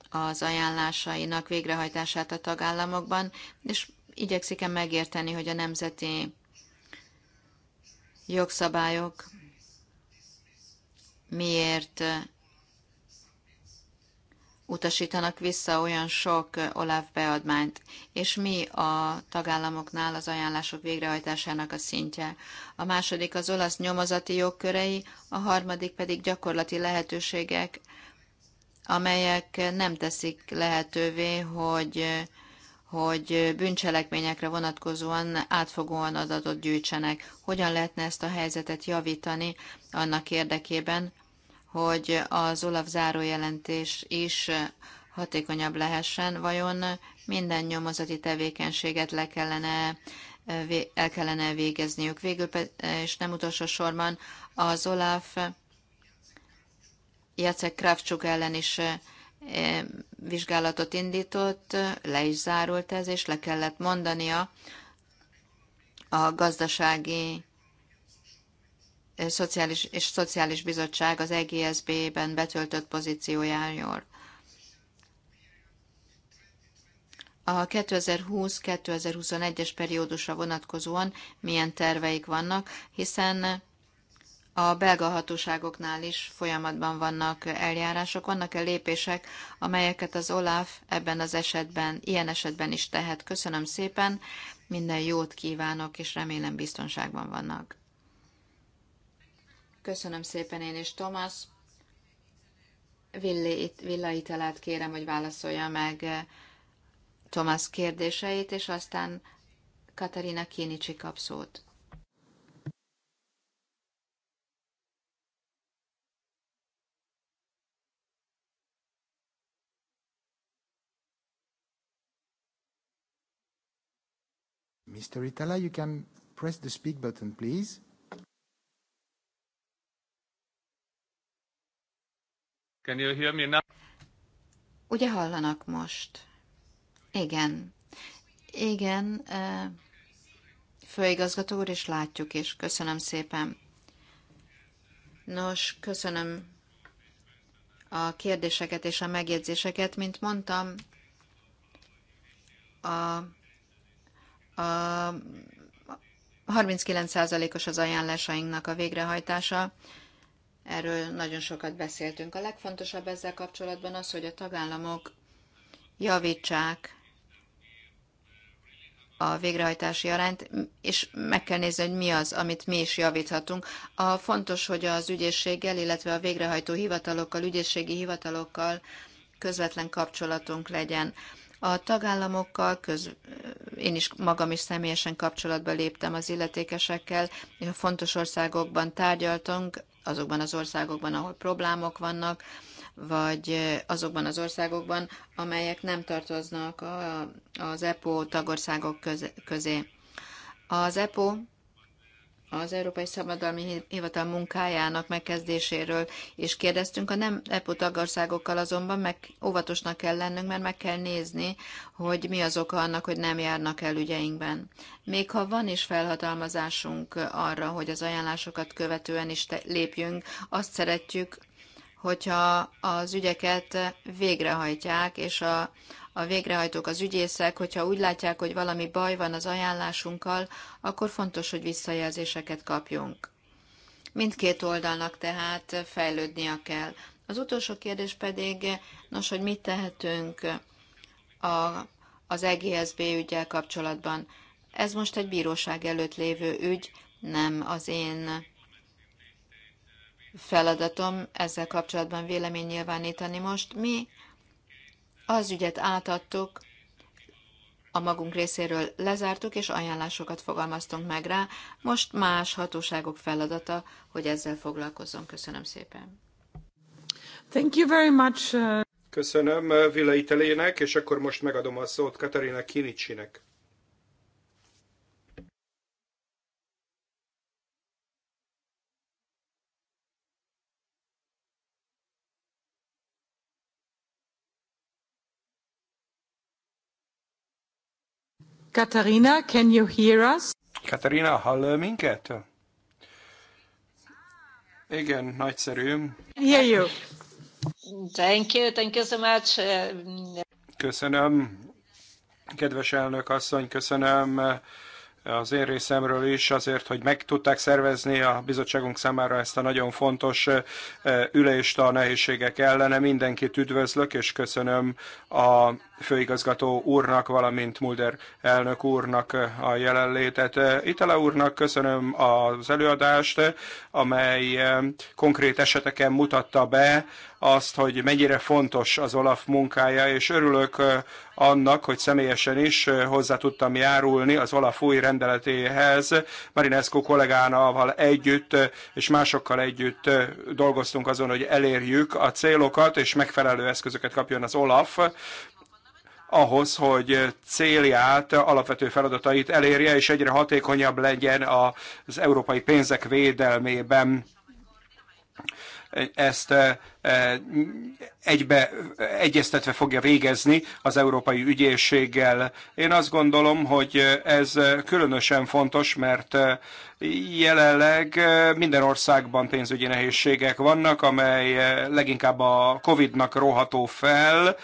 S1: az ajánlásainak végrehajtását a tagállamokban, és igyekszik-e megérteni, hogy a nemzeti jogszabályok miért utasítanak vissza olyan sok OLAF beadmányt, és mi a tagállamoknál az ajánlások végrehajtásának a szintje. A második az olasz nyomozati jogkörei, a harmadik pedig gyakorlati lehetőségek, amelyek nem teszik lehetővé, hogy hogy bűncselekményekre vonatkozóan átfogóan adatot gyűjtsenek. Hogyan lehetne ezt a helyzetet javítani annak érdekében, hogy az Olaf zárójelentés is hatékonyabb lehessen, vajon minden nyomozati tevékenységet le kellene, el kellene végezniük. Végül, és nem utolsó sorban, az Olaf Jacek Kravcsuk ellen is e, vizsgálatot indított, le is zárult ez, és le kellett mondania a gazdasági Szociális és Szociális Bizottság az EGSB-ben betöltött pozíciójáról. A 2020-2021-es periódusra vonatkozóan milyen terveik vannak, hiszen a belga hatóságoknál is folyamatban vannak eljárások, vannak-e lépések, amelyeket az OLAF ebben az esetben, ilyen esetben is tehet. Köszönöm szépen, minden jót kívánok, és remélem biztonságban vannak. Köszönöm szépen én is, Villa Villaitelát kérem, hogy válaszolja meg eh, Thomas kérdéseit, és aztán Katarina Kinicsi kap szót.
S4: Mr. Itala, you can press the speak button, please.
S2: Can
S3: you hear me now?
S1: Ugye hallanak most? Igen. Igen, főigazgató úr, és látjuk is. Köszönöm szépen. Nos, köszönöm a kérdéseket és a megjegyzéseket. Mint mondtam, a, a 39%-os az ajánlásainknak a végrehajtása, Erről nagyon sokat beszéltünk. A legfontosabb ezzel kapcsolatban az, hogy a tagállamok javítsák a végrehajtási arányt, és meg kell nézni, hogy mi az, amit mi is javíthatunk. A fontos, hogy az ügyészséggel, illetve a végrehajtó hivatalokkal, ügyészségi hivatalokkal közvetlen kapcsolatunk legyen. A tagállamokkal, köz, én is magam is személyesen kapcsolatba léptem az illetékesekkel, a fontos országokban tárgyaltunk, azokban az országokban, ahol problémák vannak, vagy azokban az országokban, amelyek nem tartoznak a, az EPO tagországok közé. Az EPO az Európai Szabadalmi Hivatal munkájának megkezdéséről is kérdeztünk. A nem EPO tagországokkal azonban meg óvatosnak kell lennünk, mert meg kell nézni, hogy mi az oka annak, hogy nem járnak el ügyeinkben. Még ha van is felhatalmazásunk arra, hogy az ajánlásokat követően is lépjünk, azt szeretjük, hogyha az ügyeket végrehajtják, és a, a végrehajtók, az ügyészek, hogyha úgy látják, hogy valami baj van az ajánlásunkkal, akkor fontos, hogy visszajelzéseket kapjunk. Mindkét oldalnak tehát fejlődnia kell. Az utolsó kérdés pedig, nos, hogy mit tehetünk a, az EGSB ügyel kapcsolatban. Ez most egy bíróság előtt lévő ügy, nem az én feladatom ezzel kapcsolatban vélemény nyilvánítani most. Mi az ügyet átadtuk, a magunk részéről lezártuk, és ajánlásokat fogalmaztunk meg rá. Most más hatóságok feladata, hogy ezzel foglalkozzon. Köszönöm szépen. Thank you very much. Uh,
S2: Köszönöm uh, Villa Itelének, és akkor most megadom a szót Katarina Kinicsinek.
S1: Katarina, can you hear us?
S2: Katarina, hall minket? Igen, nagyszerű.
S1: Hear you. Thank you, thank you so much.
S2: Köszönöm, kedves elnök asszony, köszönöm az én részemről is, azért, hogy meg tudták szervezni a bizottságunk számára ezt a nagyon fontos ülést a nehézségek ellene. Mindenkit üdvözlök, és köszönöm a főigazgató úrnak, valamint Mulder elnök úrnak a jelenlétet. Itala úrnak köszönöm az előadást, amely konkrét eseteken mutatta be azt, hogy mennyire fontos az Olaf munkája, és örülök annak, hogy személyesen is hozzá tudtam járulni az Olaf új rendeletéhez. Marinescu kollégánával együtt és másokkal együtt dolgoztunk azon, hogy elérjük a célokat, és megfelelő eszközöket kapjon az Olaf ahhoz, hogy célját, alapvető feladatait elérje, és egyre hatékonyabb legyen az európai pénzek védelmében. Ezt egybe egyeztetve fogja végezni az Európai Ügyészséggel. Én azt gondolom, hogy ez különösen fontos, mert jelenleg minden országban pénzügyi nehézségek vannak, amely leginkább a Covid-nak róható fel,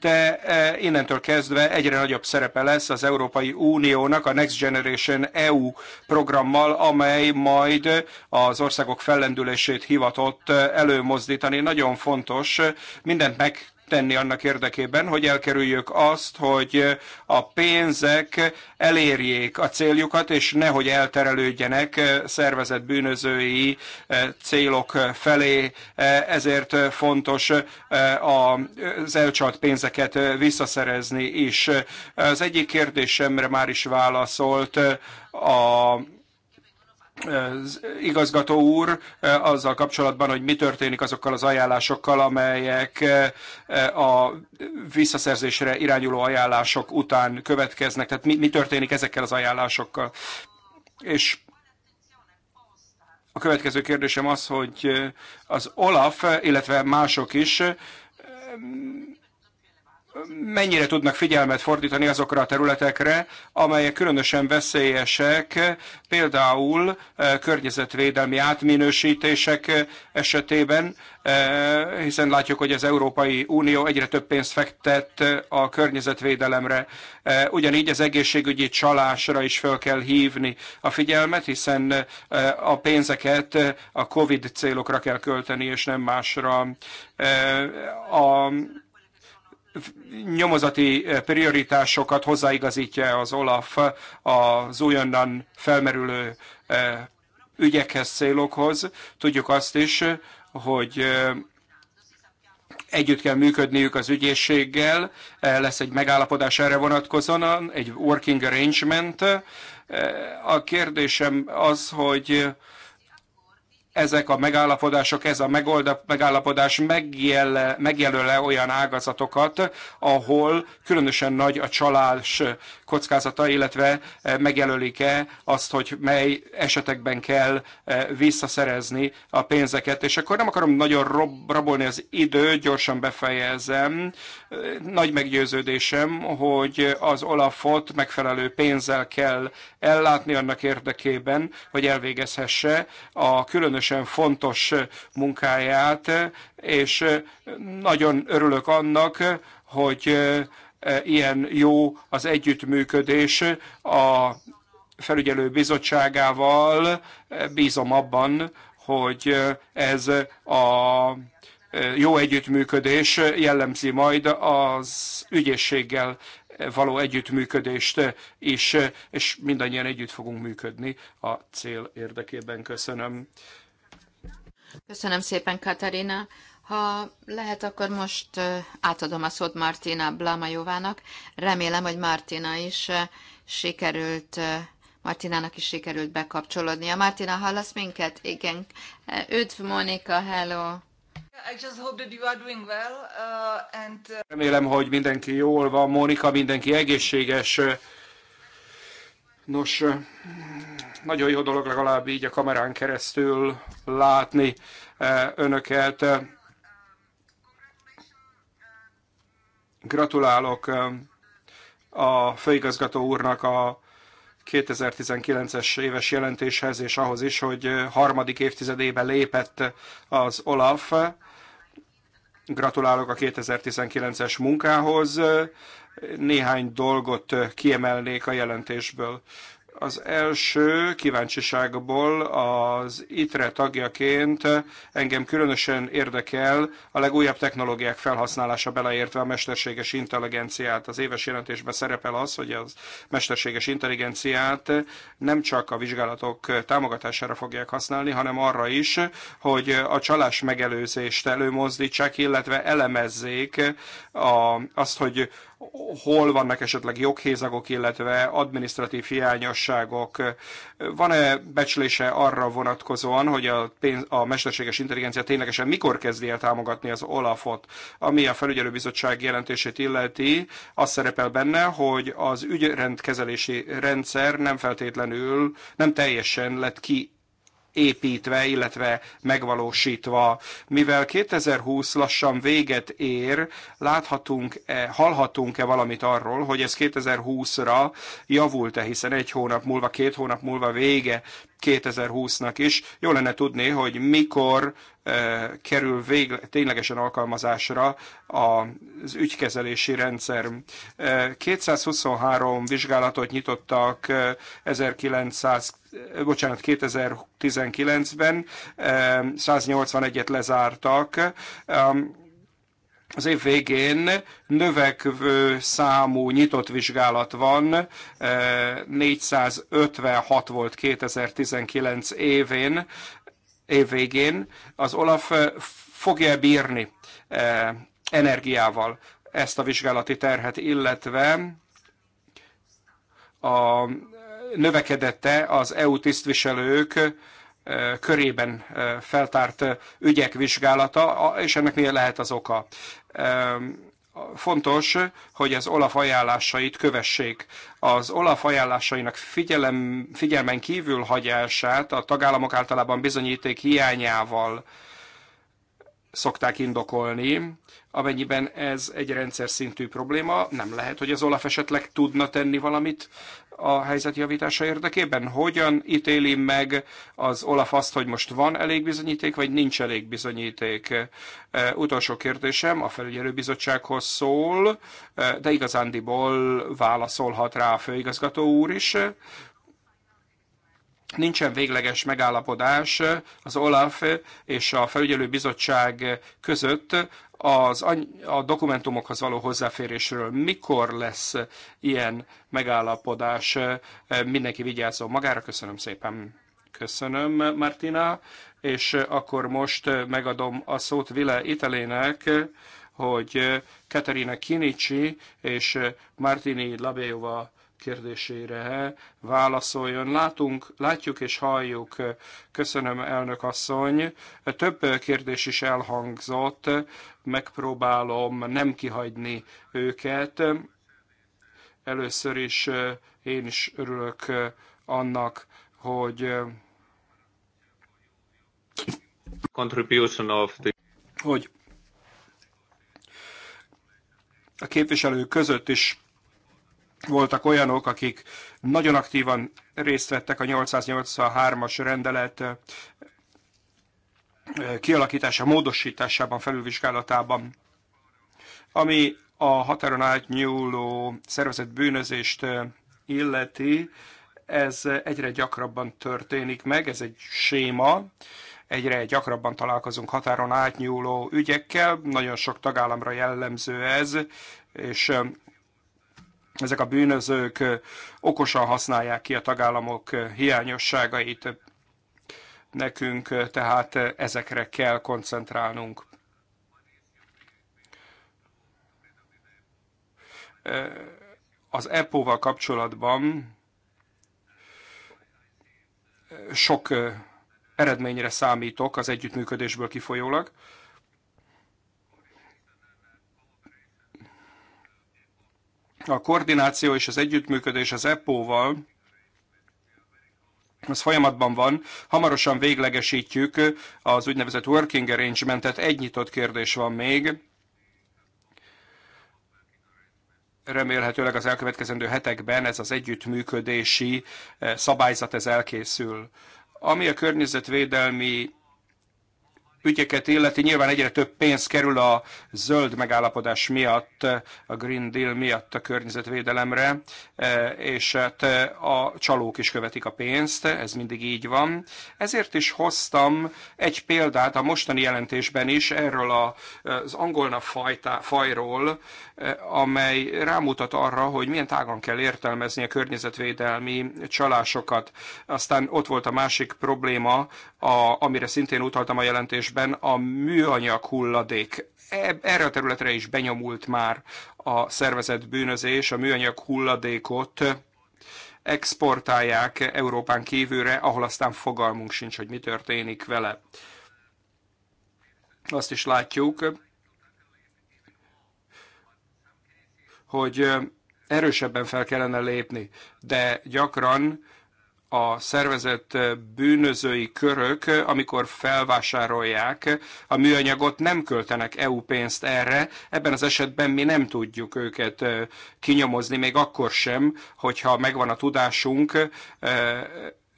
S2: de innentől kezdve egyre nagyobb szerepe lesz az Európai Uniónak a Next Generation EU programmal, amely majd az országok fellendülését hivatott előmozdítani. Nagyon nagyon fontos mindent meg tenni annak érdekében, hogy elkerüljük azt, hogy a pénzek elérjék a céljukat, és nehogy elterelődjenek szervezet bűnözői célok felé. Ezért fontos az elcsalt pénzeket visszaszerezni is. Az egyik kérdésemre már is válaszolt a igazgató úr e, azzal kapcsolatban, hogy mi történik azokkal az ajánlásokkal, amelyek e, e, a visszaszerzésre irányuló ajánlások után következnek. Tehát mi, mi történik ezekkel az ajánlásokkal? És a következő kérdésem az, hogy az Olaf, illetve mások is mennyire tudnak figyelmet fordítani azokra a területekre, amelyek különösen veszélyesek, például eh, környezetvédelmi átminősítések eh, esetében, eh, hiszen látjuk, hogy az Európai Unió egyre több pénzt fektet a környezetvédelemre. Ugyanígy az egészségügyi csalásra is fel kell hívni a figyelmet, hiszen a pénzeket a COVID célokra kell költeni, és nem másra. A nyomozati eh, prioritásokat hozzáigazítja az Olaf az újonnan felmerülő eh, ügyekhez, célokhoz. Tudjuk azt is, hogy eh, együtt kell működniük az ügyészséggel, lesz egy megállapodás erre vonatkozóan, egy working arrangement. A kérdésem az, hogy ezek a megállapodások, ez a megolda, megállapodás megjelöl le olyan ágazatokat, ahol különösen nagy a csalás kockázata, illetve eh, megjelölik-e azt, hogy mely esetekben kell eh, visszaszerezni a pénzeket. És akkor nem akarom nagyon rob, rabolni az időt, gyorsan befejezem. Nagy meggyőződésem, hogy az Olafot megfelelő pénzzel kell ellátni annak érdekében, hogy elvégezhesse a különösen fontos munkáját, és nagyon örülök annak, hogy e, ilyen jó az együttműködés a felügyelő bizottságával. Bízom abban, hogy ez a jó együttműködés jellemzi majd az ügyészséggel való együttműködést is, és mindannyian együtt fogunk működni a cél érdekében. Köszönöm.
S1: Köszönöm szépen, Katarina. Ha lehet, akkor most átadom a szót Martina Blamajovának. Remélem, hogy Martina is sikerült Martinának is sikerült bekapcsolódnia. Martina, hallasz minket? Igen. Üdv, Monika, hello.
S4: Uh, uh,
S2: Remélem, hogy mindenki jól van. Mónika, mindenki egészséges. Nos, nagyon jó dolog legalább így a kamerán keresztül látni önöket. Gratulálok a főigazgató úrnak a 2019-es éves jelentéshez, és ahhoz is, hogy harmadik évtizedébe lépett az OLAF. Gratulálok a 2019-es munkához. Néhány dolgot kiemelnék a jelentésből. Az első kíváncsiságból az ITRE tagjaként engem különösen érdekel a legújabb technológiák felhasználása beleértve a mesterséges intelligenciát. Az éves jelentésben szerepel az, hogy az mesterséges intelligenciát nem csak a vizsgálatok támogatására fogják használni, hanem arra is, hogy a csalás megelőzést előmozdítsák, illetve elemezzék a, azt, hogy hol vannak esetleg joghézagok, illetve administratív hiányosságok. Van-e becslése arra vonatkozóan, hogy a, pénz, a mesterséges intelligencia ténylegesen mikor kezdi el támogatni az Olafot? Ami a felügyelőbizottság jelentését illeti, az szerepel benne, hogy az ügyrendkezelési rendszer nem feltétlenül, nem teljesen lett ki építve, illetve megvalósítva. Mivel 2020 lassan véget ér, láthatunk-e, hallhatunk-e valamit arról, hogy ez 2020-ra javult-e, hiszen egy hónap múlva, két hónap múlva vége 2020-nak is. Jó lenne tudni, hogy mikor eh, kerül végle, ténylegesen alkalmazásra az ügykezelési rendszer. 223 eh, vizsgálatot nyitottak 1900 eh, bocsánat, 2019-ben, 181-et lezártak az év végén növekvő számú nyitott vizsgálat van, 456 eh, volt 2019 évén, év végén. Az Olaf eh, fogja bírni eh, energiával ezt a vizsgálati terhet, illetve a növekedette az EU tisztviselők körében feltárt ügyek vizsgálata, és ennek milyen lehet az oka fontos, hogy az Olaf ajánlásait kövessék. Az Olaf ajánlásainak figyelem, figyelmen kívül hagyását a tagállamok általában bizonyíték hiányával szokták indokolni. Amennyiben ez egy rendszer szintű probléma, nem lehet, hogy az Olaf esetleg tudna tenni valamit a helyzet javítása érdekében? Hogyan ítéli meg az Olaf azt, hogy most van elég bizonyíték, vagy nincs elég bizonyíték? E, utolsó kérdésem a felügyelőbizottsághoz szól, e, de igazándiból válaszolhat rá a főigazgató úr is nincsen végleges megállapodás az OLAF és a felügyelő bizottság között az, a dokumentumokhoz való hozzáférésről. Mikor lesz ilyen megállapodás? Mindenki vigyázzon magára. Köszönöm szépen. Köszönöm, Martina. És akkor most megadom a szót Vile italének, hogy Katerina Kinicsi és Martini Labéjova kérdésére válaszoljon. Látunk, látjuk és halljuk, köszönöm elnök asszony. Több kérdés is elhangzott, megpróbálom nem kihagyni őket. Először is eh, én is örülök eh, annak, hogy eh,
S4: contribution of the...
S2: hogy a képviselők között is voltak olyanok, akik nagyon aktívan részt vettek a 883-as rendelet kialakítása, módosításában, felülvizsgálatában, ami a határon átnyúló szervezett bűnözést illeti, ez egyre gyakrabban történik meg, ez egy séma, egyre gyakrabban találkozunk határon átnyúló ügyekkel, nagyon sok tagállamra jellemző ez, és ezek a bűnözők okosan használják ki a tagállamok hiányosságait. Nekünk tehát ezekre kell koncentrálnunk. Az EPO-val kapcsolatban sok eredményre számítok az együttműködésből kifolyólag. a koordináció és az együttműködés az EPO-val, az folyamatban van, hamarosan véglegesítjük az úgynevezett working arrangementet, egy nyitott kérdés van még, remélhetőleg az elkövetkezendő hetekben ez az együttműködési eh, szabályzat ez elkészül. Ami a környezetvédelmi ügyeket illeti, nyilván egyre több pénz kerül a zöld megállapodás miatt, a Green Deal miatt a környezetvédelemre, és hát a csalók is követik a pénzt, ez mindig így van. Ezért is hoztam egy példát a mostani jelentésben is erről az angolna fajta, fajról, amely rámutat arra, hogy milyen tágan kell értelmezni a környezetvédelmi csalásokat. Aztán ott volt a másik probléma, a, amire szintén utaltam a jelentésben, kérdésben a műanyag hulladék. E, erre a területre is benyomult már a szervezett bűnözés, a műanyag hulladékot exportálják Európán kívülre, ahol aztán fogalmunk sincs, hogy mi történik vele. Azt is látjuk, hogy erősebben fel kellene lépni, de gyakran a szervezett bűnözői körök, amikor felvásárolják a műanyagot, nem költenek EU pénzt erre. Ebben az esetben mi nem tudjuk őket kinyomozni, még akkor sem, hogyha megvan a tudásunk,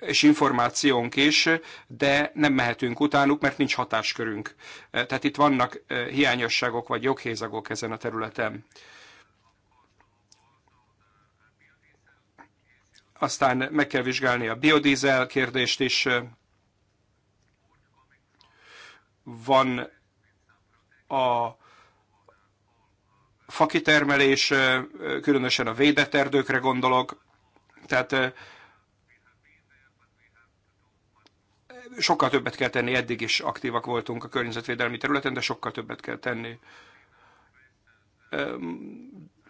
S2: és információnk is, de nem mehetünk utánuk, mert nincs hatáskörünk. Tehát itt vannak hiányosságok vagy joghézagok ezen a területen. Aztán meg kell vizsgálni a biodízel kérdést is. Van a fakitermelés, különösen a védett erdőkre gondolok. Tehát sokkal többet kell tenni, eddig is aktívak voltunk a környezetvédelmi területen, de sokkal többet kell tenni.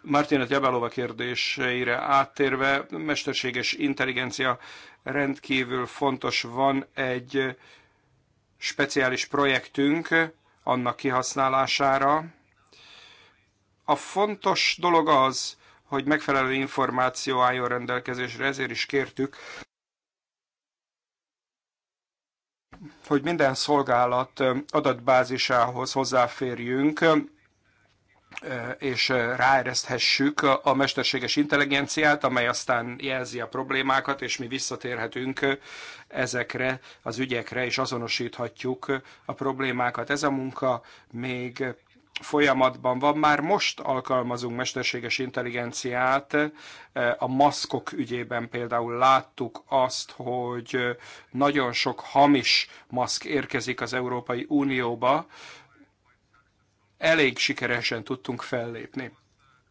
S2: Martina Gyabálova kérdéseire áttérve, mesterséges intelligencia rendkívül fontos. Van egy speciális projektünk annak kihasználására. A fontos dolog az, hogy megfelelő információ álljon rendelkezésre, ezért is kértük, hogy minden szolgálat adatbázisához hozzáférjünk, és ráereszthessük a mesterséges intelligenciát, amely aztán jelzi a problémákat, és mi visszatérhetünk ezekre az ügyekre, és azonosíthatjuk a problémákat. Ez a munka még folyamatban van. Már most alkalmazunk mesterséges intelligenciát. A maszkok ügyében például láttuk azt, hogy nagyon sok hamis maszk érkezik az Európai Unióba, elég sikeresen tudtunk fellépni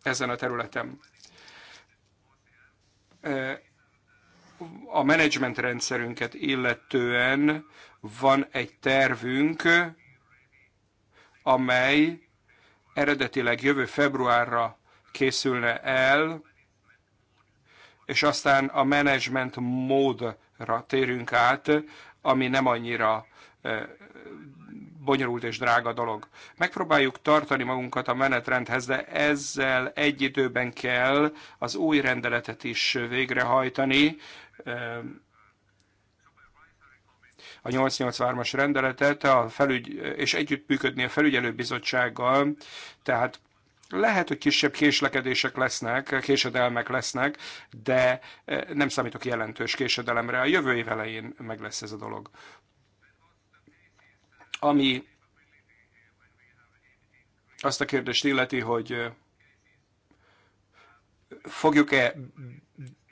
S2: ezen a területen. A menedzsment rendszerünket illetően van egy tervünk, amely eredetileg jövő februárra készülne el, és aztán a menedzsment módra térünk át, ami nem annyira bonyolult és drága dolog. Megpróbáljuk tartani magunkat a menetrendhez, de ezzel egy időben kell az új rendeletet is végrehajtani, ehm, a 883-as rendeletet a felügy, és együttműködni a felügyelőbizottsággal, tehát lehet, hogy kisebb késlekedések lesznek, késedelmek lesznek, de eh, nem számítok jelentős késedelemre. A jövő év elején meg lesz ez a dolog. Ami azt a kérdést illeti, hogy fogjuk-e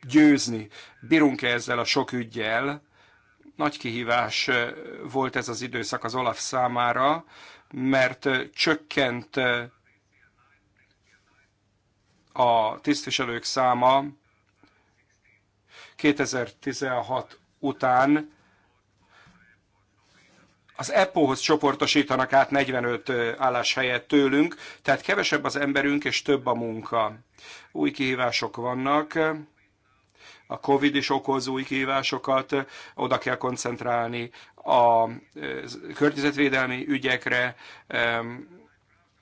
S2: győzni, bírunk-e ezzel a sok ügyjel, nagy kihívás volt ez az időszak az Olaf számára, mert csökkent a tisztviselők száma 2016 után az EPO-hoz csoportosítanak át 45 helyett tőlünk, tehát kevesebb az emberünk és több a munka. Új kihívások vannak, a Covid is okoz új kihívásokat, oda kell koncentrálni a környezetvédelmi ügyekre,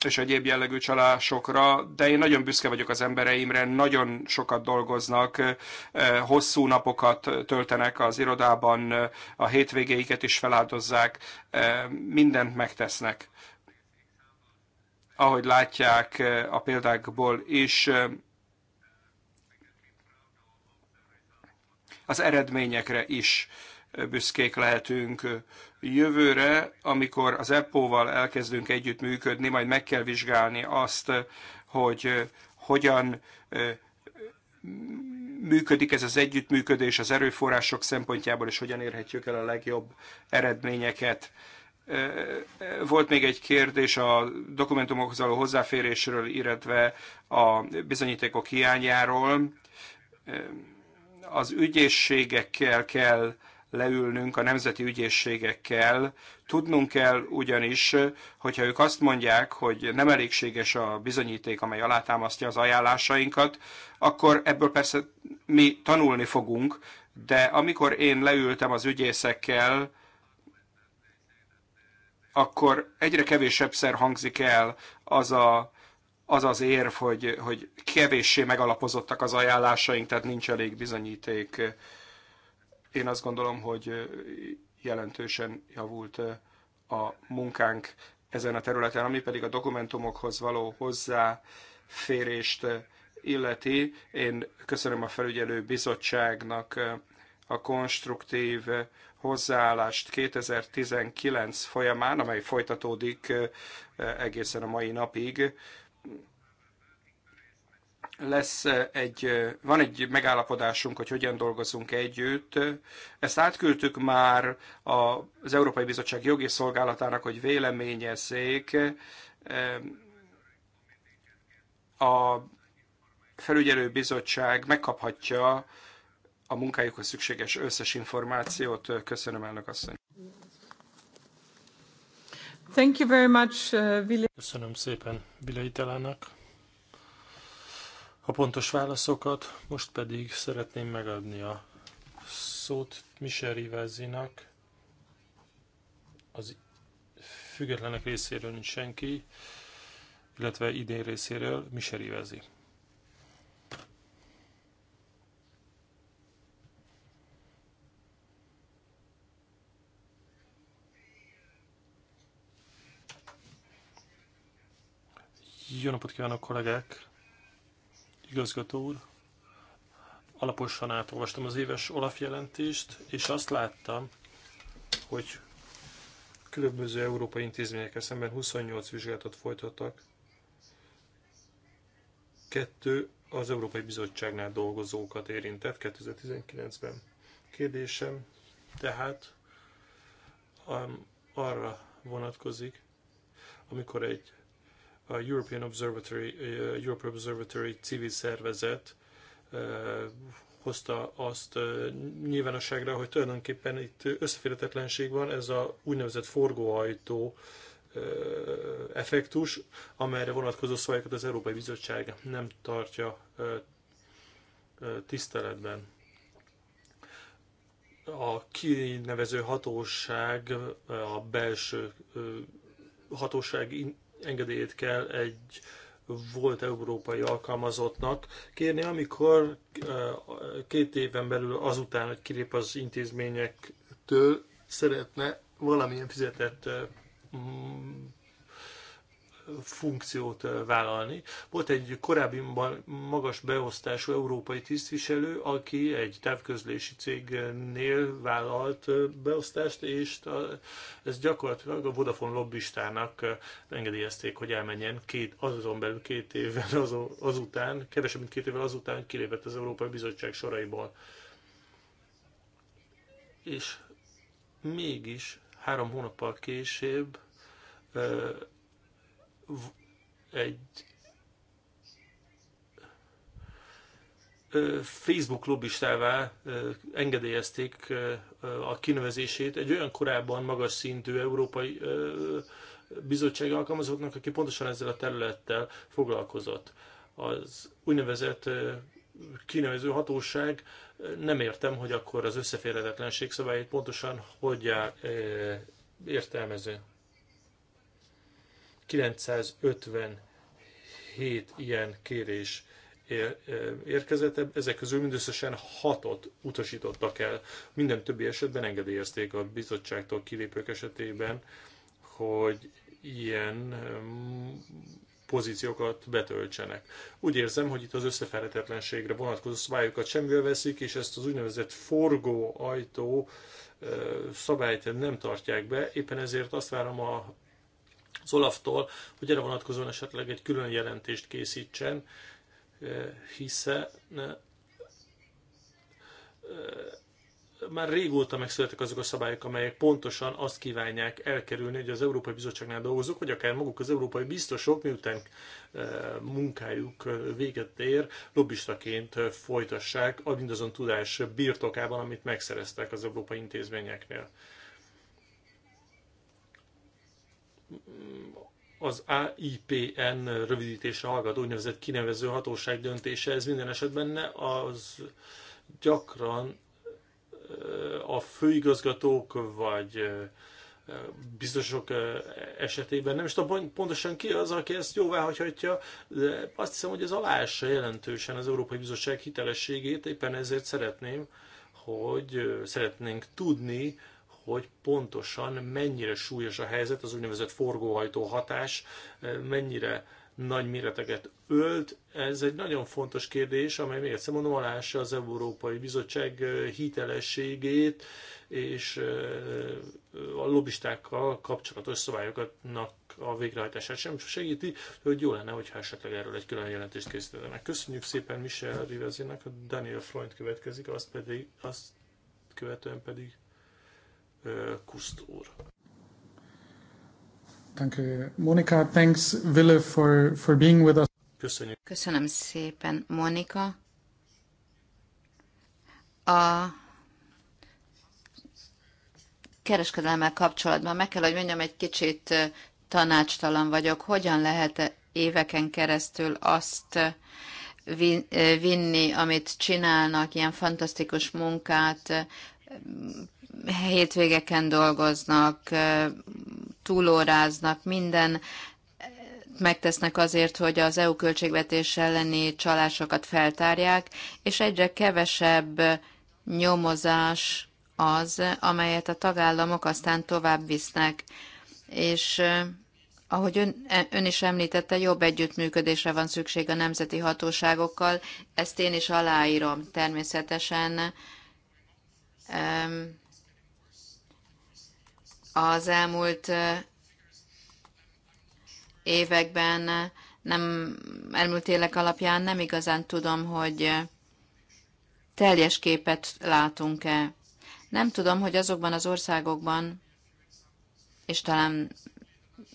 S2: és egyéb jellegű csalásokra, de én nagyon büszke vagyok az embereimre, nagyon sokat dolgoznak, hosszú napokat töltenek az irodában, a hétvégéiket is feláldozzák, mindent megtesznek. Ahogy látják a példákból is, az eredményekre is büszkék lehetünk Jövőre, amikor az epo val elkezdünk együttműködni, majd meg kell vizsgálni azt, hogy hogyan működik ez az együttműködés az erőforrások szempontjából, és hogyan érhetjük el a legjobb eredményeket. Volt még egy kérdés a dokumentumokhoz való hozzáférésről, illetve a bizonyítékok hiányáról. Az ügyészségekkel kell leülnünk a nemzeti ügyészségekkel. Tudnunk kell ugyanis, hogyha ők azt mondják, hogy nem elégséges a bizonyíték, amely alátámasztja az ajánlásainkat, akkor ebből persze mi tanulni fogunk, de amikor én leültem az ügyészekkel, akkor egyre kevésebbszer hangzik el az a, az, az érv, hogy, hogy kevéssé megalapozottak az ajánlásaink, tehát nincs elég bizonyíték én azt gondolom, hogy jelentősen javult a munkánk ezen a területen, ami pedig a dokumentumokhoz való hozzáférést illeti. Én köszönöm a felügyelő bizottságnak a konstruktív hozzáállást 2019 folyamán, amely folytatódik egészen a mai napig lesz eh, egy, eh, van egy megállapodásunk, hogy hogyan dolgozunk együtt. Ezt átküldtük már az Európai Bizottság jogi szolgálatának, hogy véleményezzék. Eh, a felügyelő bizottság megkaphatja a munkájukhoz szükséges összes információt. Köszönöm, elnök asszony.
S1: Thank you very much, uh,
S2: Köszönöm szépen Vilei
S3: Telának a pontos válaszokat. Most pedig szeretném megadni a szót Michel Rivázinak. Az függetlenek részéről nincs senki, illetve idén részéről Michel Rivázi. Jó napot kívánok, kollégák! igazgató úr, alaposan átolvastam az éves Olaf jelentést, és azt láttam, hogy különböző európai intézményekkel szemben 28 vizsgálatot folytattak, kettő az Európai Bizottságnál dolgozókat érintett 2019-ben. Kérdésem tehát um, arra vonatkozik, amikor egy a European Observatory, eh, Europe Observatory civil szervezet eh, hozta azt eh, nyilvánosságra, hogy tulajdonképpen itt összeférhetetlenség van, ez a úgynevezett forgóhajtó effektus, amelyre vonatkozó szabályokat az Európai Bizottság nem tartja tiszteletben. A kinevező hatóság a belső hatóság engedélyét kell egy volt európai alkalmazottnak kérni, amikor eh, két éven belül azután, hogy kilép az intézményektől, szeretne valamilyen fizetett eh, funkciót vállalni. Volt egy korábbi magas beosztású európai tisztviselő, aki egy távközlési cégnél vállalt beosztást, és ez gyakorlatilag a Vodafone lobbistának engedélyezték, hogy elmenjen két, azon belül két évvel az, azután, kevesebb mint két évvel azután, hogy kilépett az Európai Bizottság soraiból. És mégis három hónappal később egy Facebook klubistává engedélyezték a kinevezését egy olyan korábban magas szintű európai bizottság alkalmazottnak, aki pontosan ezzel a területtel foglalkozott. Az úgynevezett kinevező hatóság, nem értem, hogy akkor az összeférhetetlenség szabályait pontosan hogy értelmező. 957 ilyen kérés érkezett, ezek közül mindösszesen hatot utasítottak el. Minden többi esetben engedélyezték a bizottságtól kilépők esetében, hogy ilyen pozíciókat betöltsenek. Úgy érzem, hogy itt az összeférhetetlenségre vonatkozó szabályokat semmivel veszik, és ezt az úgynevezett forgó ajtó szabályt nem tartják be. Éppen ezért azt várom a az Olaftól, hogy erre vonatkozóan esetleg egy külön jelentést készítsen, eh, hiszen eh, eh, már régóta megszülettek azok a szabályok, amelyek pontosan azt kívánják elkerülni, hogy az Európai Bizottságnál dolgozók, vagy akár maguk az európai biztosok, miután munkájuk véget ér, lobbistaként folytassák mindazon tudás birtokában, amit megszereztek az európai intézményeknél. az AIPN rövidítése hallgató úgynevezett kinevező hatóság döntése, ez minden esetben ne az gyakran a főigazgatók vagy biztosok esetében nem is tudom pontosan ki az, aki ezt jóvá hagyhatja, de azt hiszem, hogy ez aláássa jelentősen az Európai Bizottság hitelességét, éppen ezért szeretném, hogy szeretnénk tudni, hogy pontosan mennyire súlyos a helyzet, az úgynevezett forgóhajtó hatás, eh, mennyire nagy méreteket ölt. Ez egy nagyon fontos kérdés, amely még egyszer mondom, alássa az Európai Bizottság eh, hitelességét és eh, a lobbistákkal kapcsolatos szabályokatnak a végrehajtását sem segíti, hogy jó lenne, hogyha esetleg erről egy külön jelentést készítenek. Köszönjük szépen Michel Rivezinek, Daniel Freund következik, azt pedig, azt követően pedig Kuszt úr.
S2: Danke. Monika, thanks Wille for, for being
S1: with us. Köszönjük. Köszönöm szépen, Monika. A kereskedelemmel kapcsolatban meg kell, hogy mondjam, egy kicsit tanácstalan vagyok. Hogyan lehet éveken keresztül azt vinni, amit csinálnak, ilyen fantasztikus munkát, hétvégeken dolgoznak, túlóráznak, minden megtesznek azért, hogy az EU költségvetés elleni csalásokat feltárják, és egyre kevesebb nyomozás az, amelyet a tagállamok aztán tovább visznek. És ahogy ön, ön is említette, jobb együttműködésre van szükség a nemzeti hatóságokkal. Ezt én is aláírom természetesen az elmúlt években, nem, elmúlt élek alapján nem igazán tudom, hogy teljes képet látunk-e. Nem tudom, hogy azokban az országokban, és talán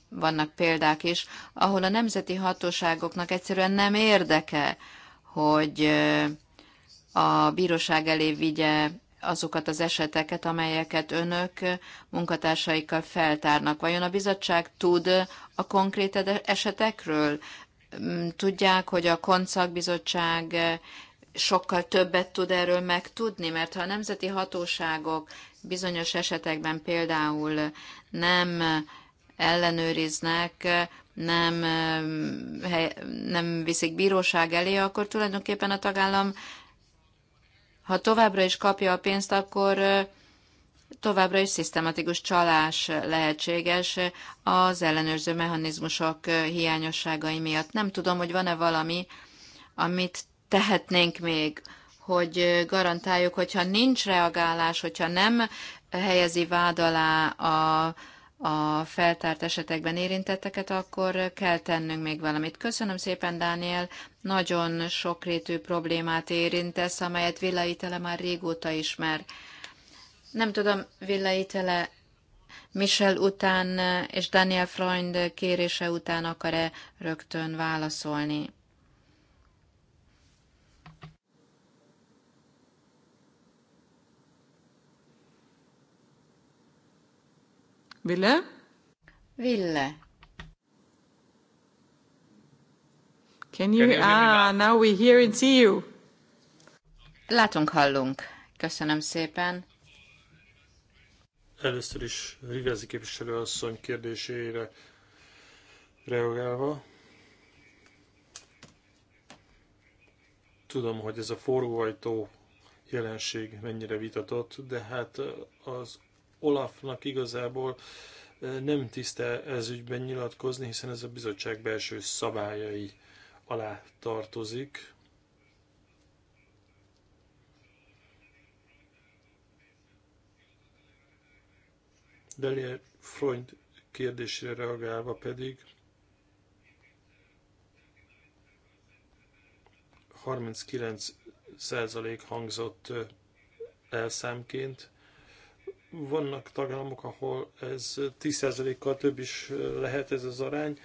S1: vannak példák is, ahol a nemzeti hatóságoknak egyszerűen nem érdeke, hogy a bíróság elé vigye azokat az eseteket, amelyeket önök munkatársaikkal feltárnak. Vajon a bizottság tud a konkrét esetekről? Mm, tudják, hogy a bizottság eh, sokkal többet tud erről megtudni, mert ha a nemzeti hatóságok bizonyos esetekben például nem ellenőriznek, nem, eh, nem viszik bíróság elé, akkor tulajdonképpen a tagállam ha továbbra is kapja a pénzt, akkor továbbra is szisztematikus csalás lehetséges az ellenőrző mechanizmusok hiányosságai miatt. Nem tudom, hogy van-e valami, amit tehetnénk még, hogy garantáljuk, hogyha nincs reagálás, hogyha nem helyezi vád alá a a feltárt esetekben érintetteket, akkor kell tennünk még valamit. Köszönöm szépen, Dániel. Nagyon sokrétű problémát érintesz, amelyet Villaitele már régóta ismer. Nem tudom, Villaitele Michel után eh, és Daniel Freund kérése után akar-e rögtön válaszolni. Ville? Ville. Can you? ah, now we hear and see you. Látunk, hallunk. Köszönöm szépen.
S3: Először is Rivezi képviselő asszony kérdésére reagálva. Tudom, hogy ez a forgóajtó jelenség mennyire vitatott, de hát az Olafnak igazából nem tiszte ez ügyben nyilatkozni, hiszen ez a bizottság belső szabályai alá tartozik. Delier Freund kérdésére reagálva pedig 39% hangzott elszámként. Vannak tagállamok, ahol ez 10%-kal több is lehet ez az arány,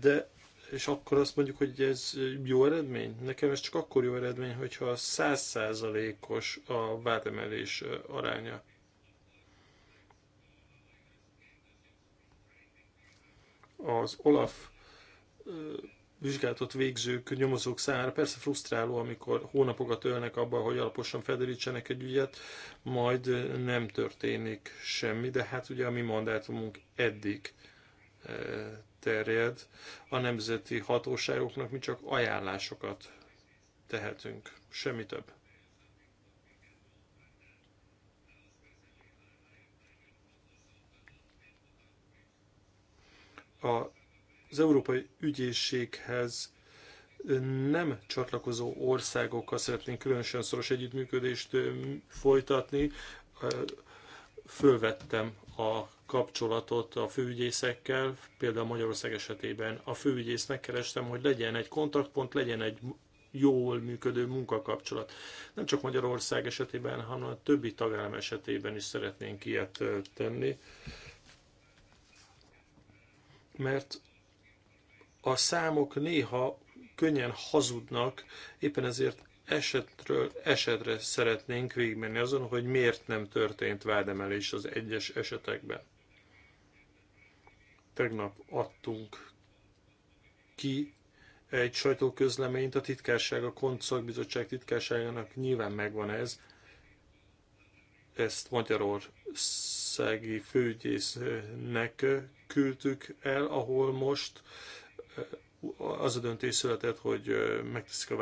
S3: de és akkor azt mondjuk, hogy ez jó eredmény? Nekem ez csak akkor jó eredmény, hogyha 100%-os a váremelés aránya. Az Olaf vizsgálatot végzők, nyomozók számára persze frusztráló, amikor hónapokat ölnek abban, hogy alaposan felderítsenek egy ügyet, majd nem történik semmi, de hát ugye a mi mandátumunk eddig eh, terjed. A nemzeti hatóságoknak mi csak ajánlásokat tehetünk, semmi több. A az Európai Ügyészséghez nem csatlakozó országokkal szeretnénk különösen szoros együttműködést folytatni. Fölvettem a kapcsolatot a főügyészekkel, például Magyarország esetében a főügyész megkerestem, hogy legyen egy kontaktpont, legyen egy jól működő munkakapcsolat. Nem csak Magyarország esetében, hanem a többi tagállam esetében is szeretnénk ilyet tenni, mert a számok néha könnyen hazudnak, éppen ezért esetről esetre szeretnénk végigmenni azon, hogy miért nem történt vádemelés az egyes esetekben. Tegnap adtunk ki egy sajtóközleményt, a titkárság, a Koncak titkárságának nyilván megvan ez, ezt Magyarországi főügyésznek küldtük el, ahol most az a döntés született, hogy megteszik a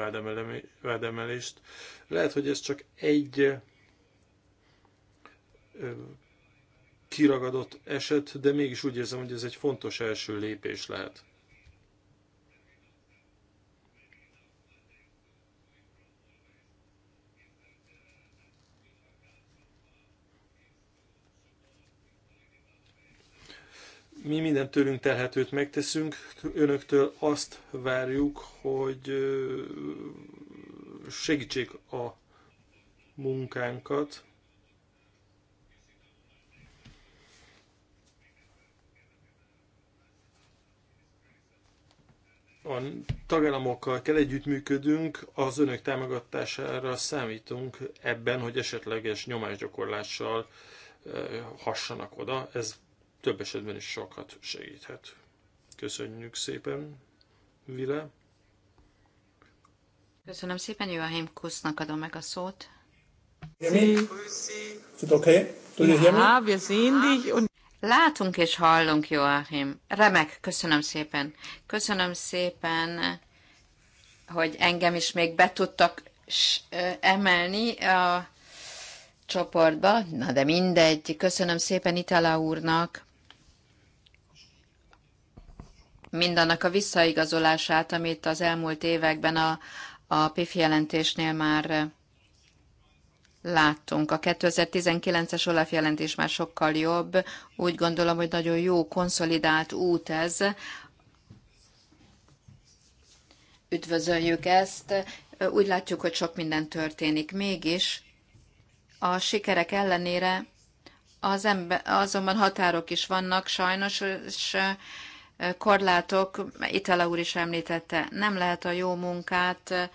S3: vádemelést. Lehet, hogy ez csak egy kiragadott eset, de mégis úgy érzem, hogy ez egy fontos első lépés lehet. mi minden tőlünk telhetőt megteszünk, önöktől azt várjuk, hogy segítsék a munkánkat. A tagállamokkal kell együttműködünk, az önök támogatására számítunk ebben, hogy esetleges nyomásgyakorlással hassanak oda. Ez több esetben is sokat segíthet. Köszönjük szépen, Vile.
S1: Köszönöm szépen, Joachim Kusznak adom meg a szót. Látunk és hallunk, Joachim. Remek, köszönöm szépen. Köszönöm szépen, hogy engem is még be tudtak emelni a csoportba. Na de mindegy, köszönöm szépen Itala úrnak mindannak a visszaigazolását, amit az elmúlt években a, a PIF jelentésnél már eh, láttunk. A 2019-es Olaf jelentés már sokkal jobb. Úgy gondolom, hogy nagyon jó, konszolidált út ez. Üdvözöljük ezt. Úgy látjuk, hogy sok minden történik. Mégis a sikerek ellenére az ember, azonban határok is vannak sajnos, és eh, korlátok, Itala úr is említette, nem lehet a jó munkát eh,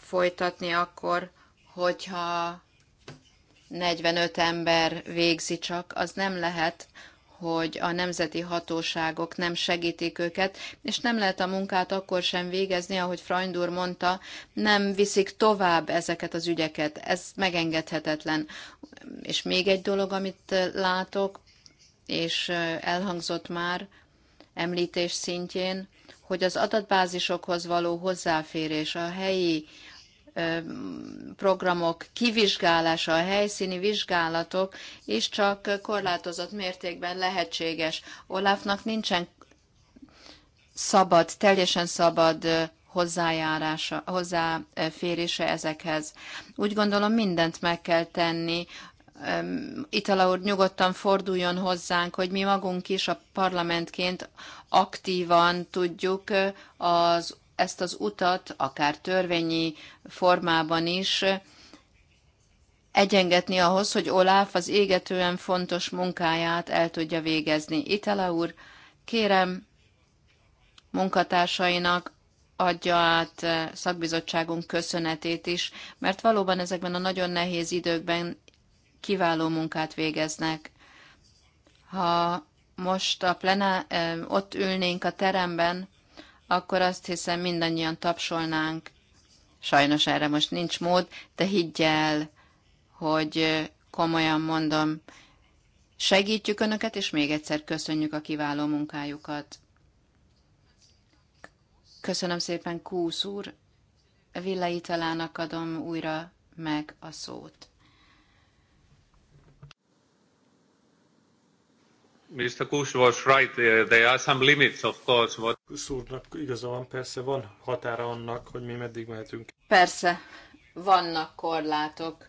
S1: folytatni akkor, hogyha 45 ember végzi csak, az nem lehet, hogy a nemzeti hatóságok nem segítik őket, és nem lehet a munkát akkor sem végezni, ahogy Freund úr mondta, nem viszik tovább ezeket az ügyeket. Ez megengedhetetlen. És még egy dolog, amit eh, látok, és eh, elhangzott már, említés szintjén, hogy az adatbázisokhoz való hozzáférés, a helyi programok kivizsgálása, a helyszíni vizsgálatok is csak korlátozott mértékben lehetséges. Olafnak nincsen szabad, teljesen szabad hozzájárása, hozzáférése ezekhez. Úgy gondolom mindent meg kell tenni Itala úr nyugodtan forduljon hozzánk, hogy mi magunk is a parlamentként aktívan tudjuk az, ezt az utat, akár törvényi formában is egyengetni ahhoz, hogy Oláf az égetően fontos munkáját el tudja végezni. Itala úr, kérem munkatársainak adja át szakbizottságunk köszönetét is, mert valóban ezekben a nagyon nehéz időkben kiváló munkát végeznek. Ha most a plená, ott ülnénk a teremben, akkor azt hiszem mindannyian tapsolnánk. Sajnos erre most nincs mód, de higgy el, hogy komolyan mondom, segítjük Önöket, és még egyszer köszönjük a kiváló munkájukat. Köszönöm szépen, Kúsz úr. Villa adom újra meg a szót.
S4: Mr. Kush was right, there are some limits, of course. What...
S3: Szúrnak igaza van, persze van határa annak, hogy mi meddig mehetünk.
S1: Persze, vannak korlátok,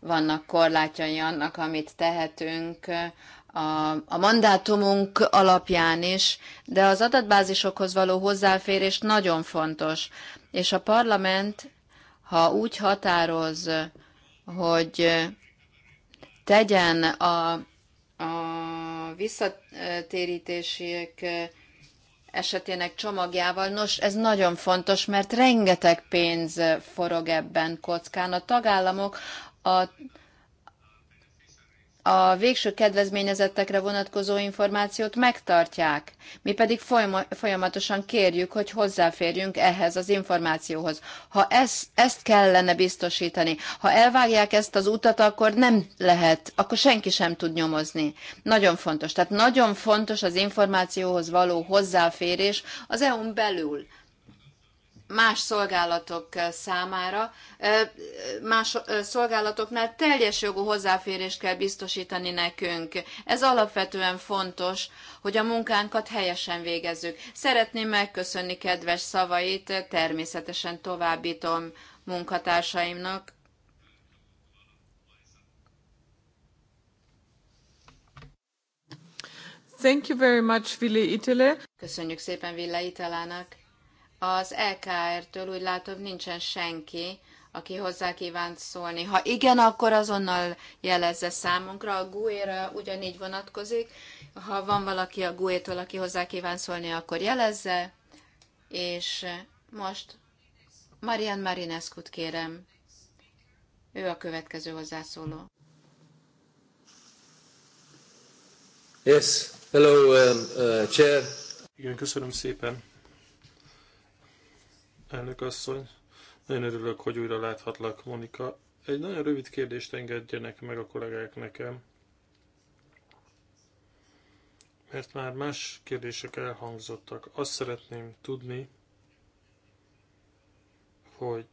S1: vannak korlátjai annak, amit tehetünk a, a mandátumunk alapján is, de az adatbázisokhoz való hozzáférés nagyon fontos. És a parlament, ha úgy határoz, hogy tegyen a, a visszatérítések esetének csomagjával. Nos, ez nagyon fontos, mert rengeteg pénz forog ebben kockán. A tagállamok a a végső kedvezményezettekre vonatkozó információt megtartják, mi pedig folyamatosan kérjük, hogy hozzáférjünk ehhez az információhoz. Ha ezt, ezt kellene biztosítani, ha elvágják ezt az utat, akkor nem lehet, akkor senki sem tud nyomozni. Nagyon fontos. Tehát nagyon fontos az információhoz való hozzáférés az EU-n belül más szolgálatok számára, más szolgálatoknál teljes jogú hozzáférést kell biztosítani nekünk. Ez alapvetően fontos, hogy a munkánkat helyesen végezzük. Szeretném megköszönni kedves szavait, természetesen továbbítom munkatársaimnak. Thank you very much, Ville Itele. Köszönjük szépen Ville Itelának. Az LKR-től úgy látom nincsen senki, aki hozzá kívánt szólni. Ha igen, akkor azonnal jelezze számunkra. A GUE-ra ugyanígy vonatkozik. Ha van valaki a gue tól aki hozzá kíván szólni, akkor jelezze. És most Marian Marinescu-t kérem. Ő a következő hozzászóló.
S4: Yes, hello,
S3: um, uh, chair. Igen, köszönöm szépen elnök asszony. Nagyon örülök, hogy újra láthatlak, Monika. Egy nagyon rövid kérdést engedjenek meg a kollégák nekem, mert már más kérdések elhangzottak. Azt szeretném tudni, hogy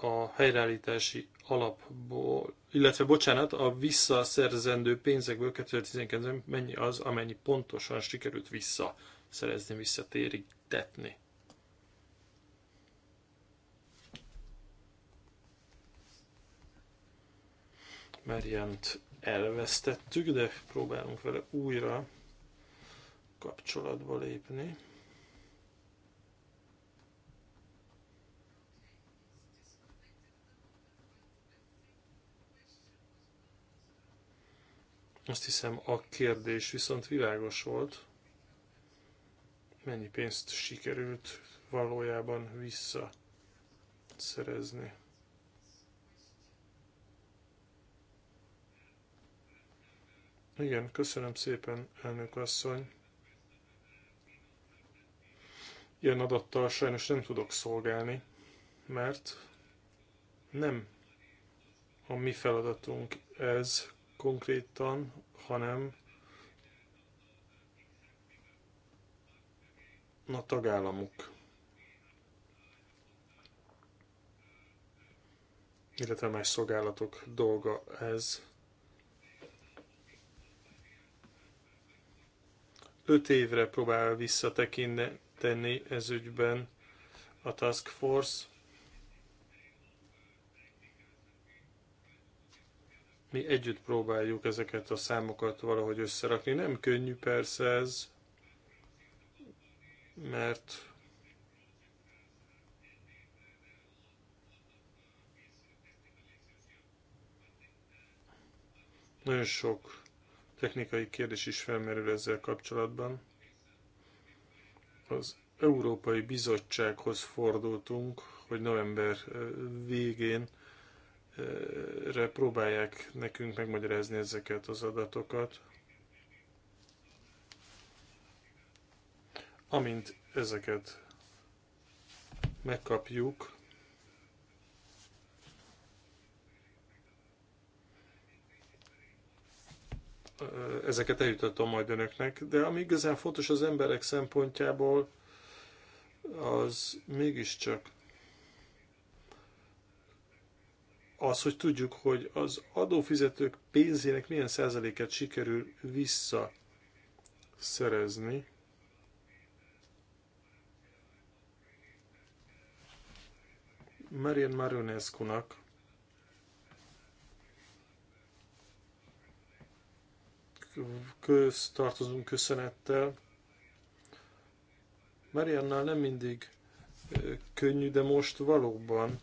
S3: a helyreállítási alapból, illetve bocsánat, a visszaszerzendő pénzekből 2019-ben mennyi az, amennyi pontosan sikerült visszaszerezni, visszatérítetni. Merjent elvesztettük, de próbálunk vele újra kapcsolatba lépni. Azt hiszem a kérdés viszont világos volt, mennyi pénzt sikerült valójában visszaszerezni. Igen, köszönöm szépen, elnök asszony. Ilyen adattal sajnos nem tudok szolgálni, mert nem a mi feladatunk ez konkrétan, hanem a tagállamuk. Illetve más szolgálatok dolga ez. Öt évre próbál visszatekinteni ez ügyben a Task Force. Mi együtt próbáljuk ezeket a számokat valahogy összerakni. Nem könnyű persze ez, mert nagyon sok technikai kérdés is felmerül ezzel kapcsolatban. Az Európai Bizottsághoz fordultunk, hogy november végén próbálják nekünk megmagyarázni ezeket az adatokat. Amint ezeket megkapjuk, ezeket eljutatom majd önöknek, de ami igazán fontos az emberek szempontjából, az mégiscsak az, hogy tudjuk, hogy az adófizetők pénzének milyen százalékát sikerül vissza szerezni. Marian marionescu nak köztartozunk köszönettel. Mariannal nem mindig könnyű, de most valóban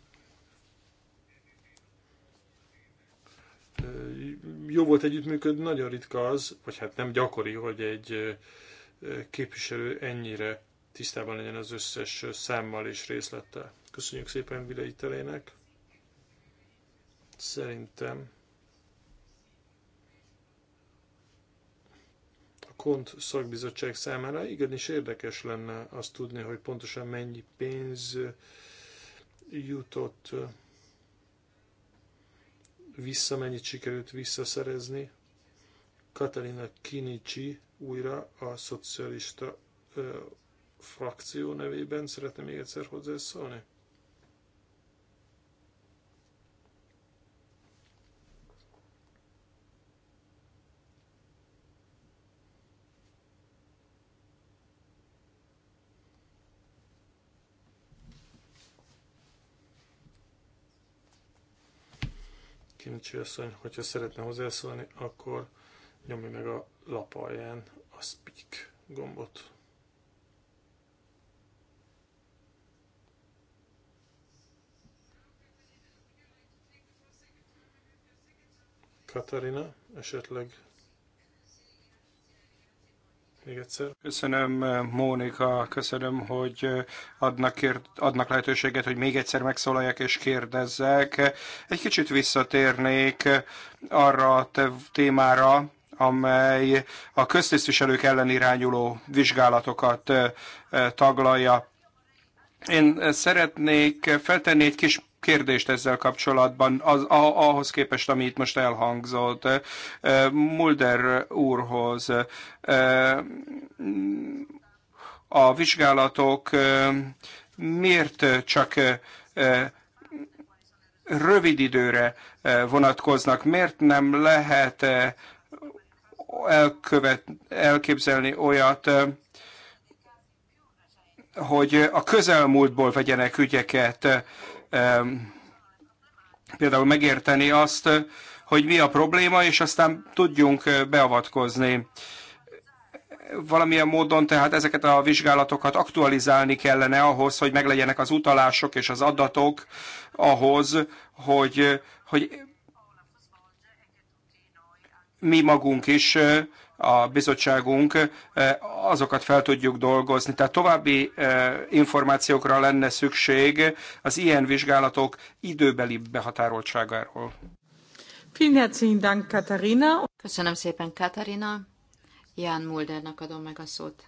S3: jó volt együttműködni, nagyon ritka az, vagy hát nem gyakori, hogy egy képviselő ennyire tisztában legyen az összes számmal és részlettel. Köszönjük szépen Vilei Telének. Szerintem KONT szakbizottság számára igenis érdekes lenne azt tudni, hogy pontosan mennyi pénz jutott vissza, mennyit sikerült visszaszerezni. Katalina Kinicsi újra a szocialista ö, frakció nevében szeretne még egyszer hozzászólni. Csinicsi asszony, hogyha szeretne hozzászólni, akkor nyomja meg a lap alján a speak gombot. Katarina, esetleg
S2: még egyszer. Köszönöm, Mónika, köszönöm, hogy adnak, adnak lehetőséget, hogy még egyszer megszólaljak és kérdezzek. Egy kicsit visszatérnék arra a témára, amely a köztisztviselők ellen irányuló vizsgálatokat taglalja. Én szeretnék feltenni egy kis kérdést ezzel kapcsolatban, az, a, ahhoz képest, ami itt most elhangzott. Mulder úrhoz a vizsgálatok miért csak rövid időre vonatkoznak, miért nem lehet elkövet, elképzelni olyat, hogy a közelmúltból vegyenek ügyeket például megérteni azt, hogy mi a probléma, és aztán tudjunk beavatkozni. Valamilyen módon tehát ezeket a vizsgálatokat aktualizálni kellene ahhoz, hogy meglegyenek az utalások és az adatok ahhoz, hogy, hogy mi magunk is a bizottságunk, eh, azokat fel tudjuk dolgozni. Tehát további eh, információkra lenne szükség az ilyen vizsgálatok időbeli behatároltságáról.
S1: Köszönöm szépen, Katarina. Jan Muldernak adom meg a szót.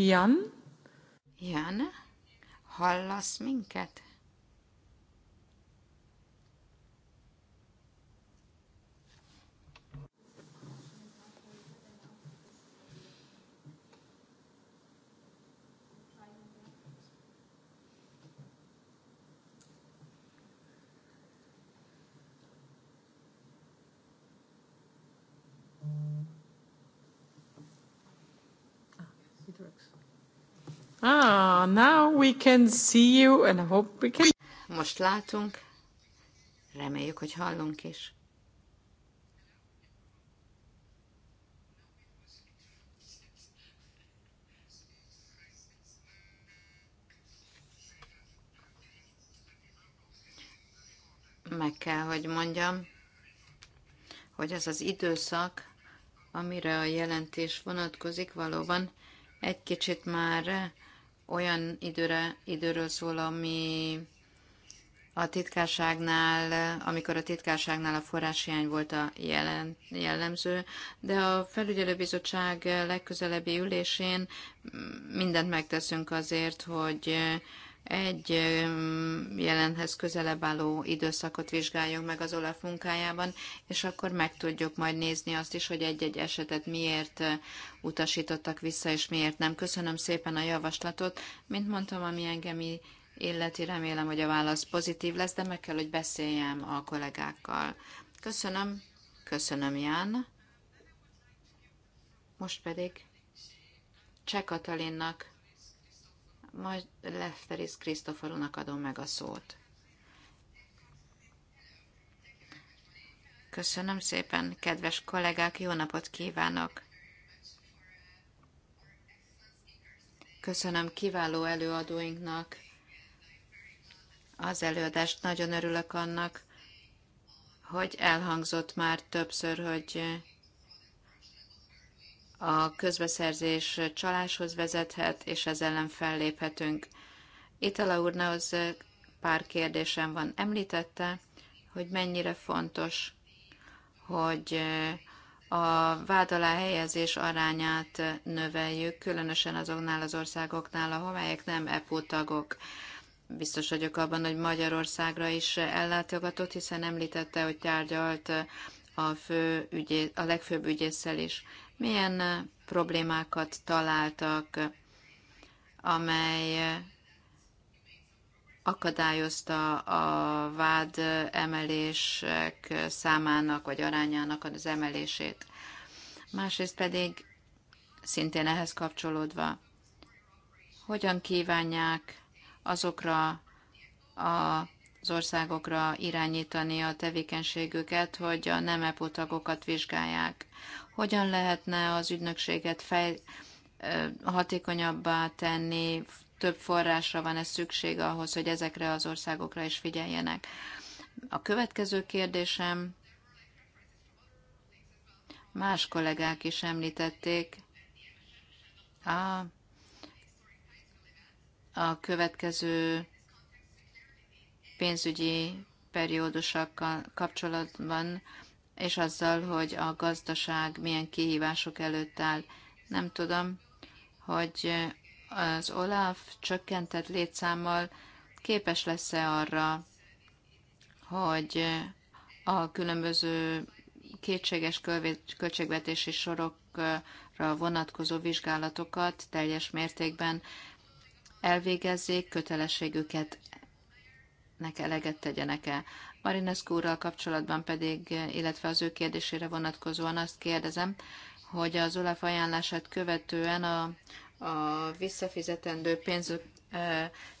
S1: Jan? Jan, hallasz minket? Ah, now we can see you, and I hope we can... Most látunk. Reméljük, hogy hallunk is. Meg kell, hogy mondjam, hogy ez az időszak, amire a jelentés vonatkozik, valóban egy kicsit már olyan időre, időről szól, ami a titkárságnál, amikor a titkárságnál a forráshiány volt a jelen, jellemző, de a felügyelőbizottság legközelebbi ülésén mindent megteszünk azért, hogy egy jelenhez közelebb álló időszakot vizsgáljunk meg az Olaf munkájában, és akkor meg tudjuk majd nézni azt is, hogy egy-egy esetet miért utasítottak vissza, és miért nem. Köszönöm szépen a javaslatot. Mint mondtam, ami engem illeti, remélem, hogy a válasz pozitív lesz, de meg kell, hogy beszéljem a kollégákkal. Köszönöm, köszönöm, Ján. Most pedig Cseh Katalinnak majd Lefteris Krisztoforunak adom meg a szót. Köszönöm szépen, kedves kollégák, jó napot kívánok! Köszönöm kiváló előadóinknak az előadást. Nagyon örülök annak, hogy elhangzott már többször, hogy a közbeszerzés csaláshoz vezethet, és ez ellen felléphetünk. Itala úrnahoz pár kérdésem van. Említette, hogy mennyire fontos, hogy a vád alá helyezés arányát növeljük, különösen azoknál az országoknál, amelyek nem EPU tagok. Biztos vagyok abban, hogy Magyarországra is ellátogatott, hiszen említette, hogy tárgyalt a, fő ügyé, a legfőbb ügyészsel is milyen eh, problémákat találtak, amely eh, akadályozta a vád emelések számának vagy arányának az emelését. Másrészt pedig, szintén ehhez kapcsolódva, hogyan kívánják azokra az országokra irányítani a tevékenységüket, hogy a nem e vizsgálják hogyan lehetne az ügynökséget fej, hatékonyabbá tenni, több forrásra van ez szükség ahhoz, hogy ezekre az országokra is figyeljenek. A következő kérdésem, más kollégák is említették, a, a következő pénzügyi periódusakkal kapcsolatban és azzal, hogy a gazdaság milyen kihívások előtt áll. Nem tudom, hogy az Olaf csökkentett létszámmal képes lesz-e arra, hogy a különböző kétséges költségvetési sorokra vonatkozó vizsgálatokat teljes mértékben elvégezzék, kötelességüket nek eleget tegyenek-e. Marinescu úrral kapcsolatban pedig, illetve az ő kérdésére vonatkozóan azt kérdezem, hogy az OLAF ajánlását követően a, a visszafizetendő pénz,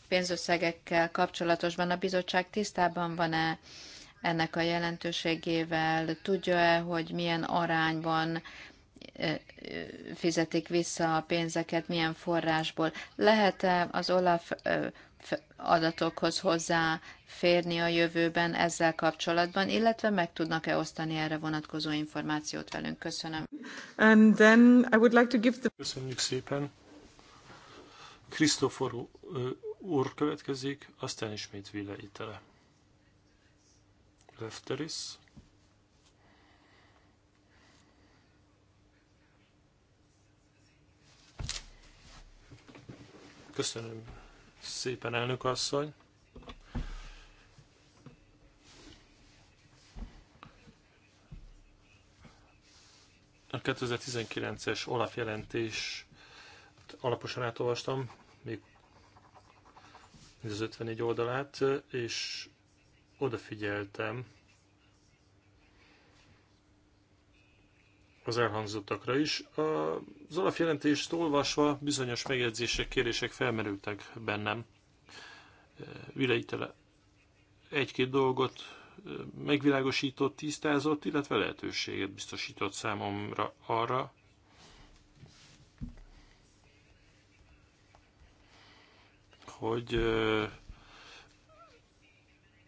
S1: pénzösszegekkel kapcsolatosban a bizottság tisztában van-e ennek a jelentőségével, tudja-e, hogy milyen arányban fizetik vissza a pénzeket, milyen forrásból. Lehet-e az Olaf adatokhoz hozzáférni a jövőben ezzel kapcsolatban, illetve meg tudnak-e osztani erre vonatkozó információt velünk? Köszönöm. And then I would like to give the... Köszönjük szépen.
S3: Krisztofor úr következik, aztán ismét Vile Itele. Lefteris. Köszönöm szépen, elnök asszony. A 2019-es Olaf jelentés alaposan átolvastam, még az 54 oldalát, és odafigyeltem az elhangzottakra is. Az alapjelentést olvasva bizonyos megjegyzések, kérések felmerültek bennem. E, Vileitele egy-két dolgot e, megvilágosított, tisztázott, illetve lehetőséget biztosított számomra arra, hogy e,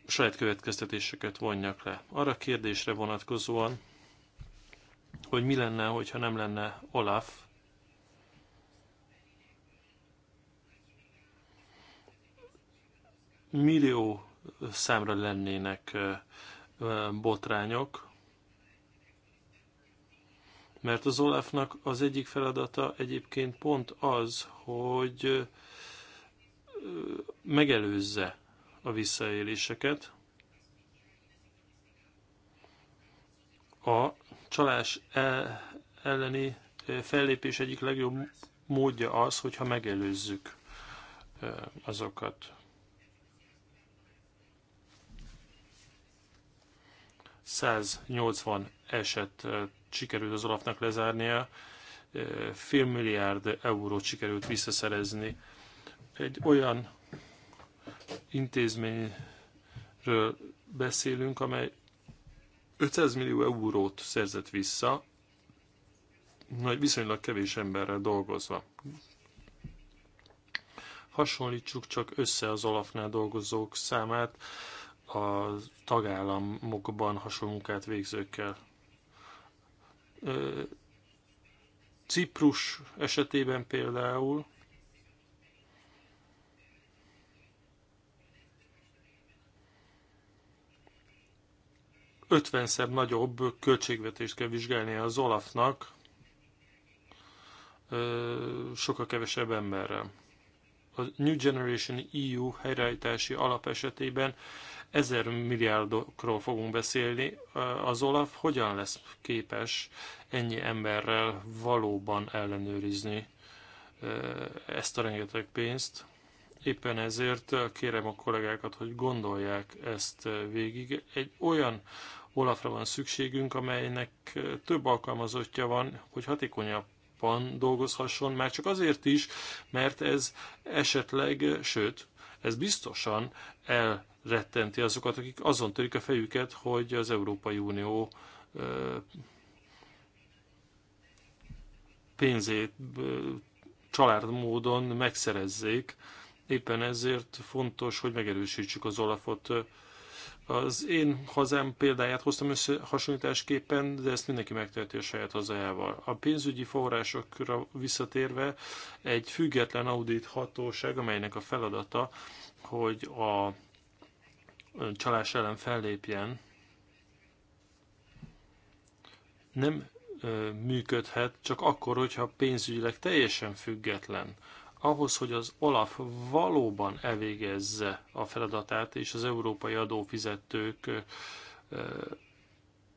S3: saját következtetéseket vonjak le. Arra kérdésre vonatkozóan, hogy mi lenne, hogyha nem lenne Olaf, millió számra lennének botrányok, mert az Olafnak az egyik feladata egyébként pont az, hogy megelőzze a visszaéléseket. A csalás e, elleni e, fellépés egyik legjobb módja az, hogyha megelőzzük e, azokat. ...180 eset sikerült az Olafnak lezárnia, milliárd eurót sikerült visszaszerezni. Egy olyan intézményről beszélünk, amely 500 millió eurót szerzett vissza, nagy, viszonylag kevés emberrel dolgozva. Hasonlítsuk csak össze az Olafnál dolgozók számát a tagállamokban hasonló munkát végzőkkel. Ciprus esetében például 50-szer nagyobb költségvetést kell vizsgálnia az Olafnak, sokkal kevesebb emberrel. A New Generation EU helyreállítási alap esetében ezer milliárdokról fogunk beszélni. Az Olaf hogyan lesz képes ennyi emberrel valóban ellenőrizni ezt a rengeteg pénzt? Éppen ezért kérem a kollégákat, hogy gondolják ezt végig. Egy olyan Olafra van szükségünk, amelynek több alkalmazottja van, hogy hatékonyabban dolgozhasson, már csak azért is, mert ez esetleg, sőt, ez biztosan elrettenti azokat, akik azon törik a fejüket, hogy az Európai Unió pénzét családmódon módon megszerezzék. Éppen ezért fontos, hogy megerősítsük az Olafot az én hazám példáját hoztam össze hasonlításképpen, de ezt mindenki megteheti a saját hazájával. A pénzügyi forrásokra visszatérve egy független audit hatóság, amelynek a feladata, hogy a csalás ellen fellépjen, nem működhet csak akkor, hogyha pénzügyileg teljesen független ahhoz, hogy az OLAF valóban elvégezze a feladatát, és az európai adófizetők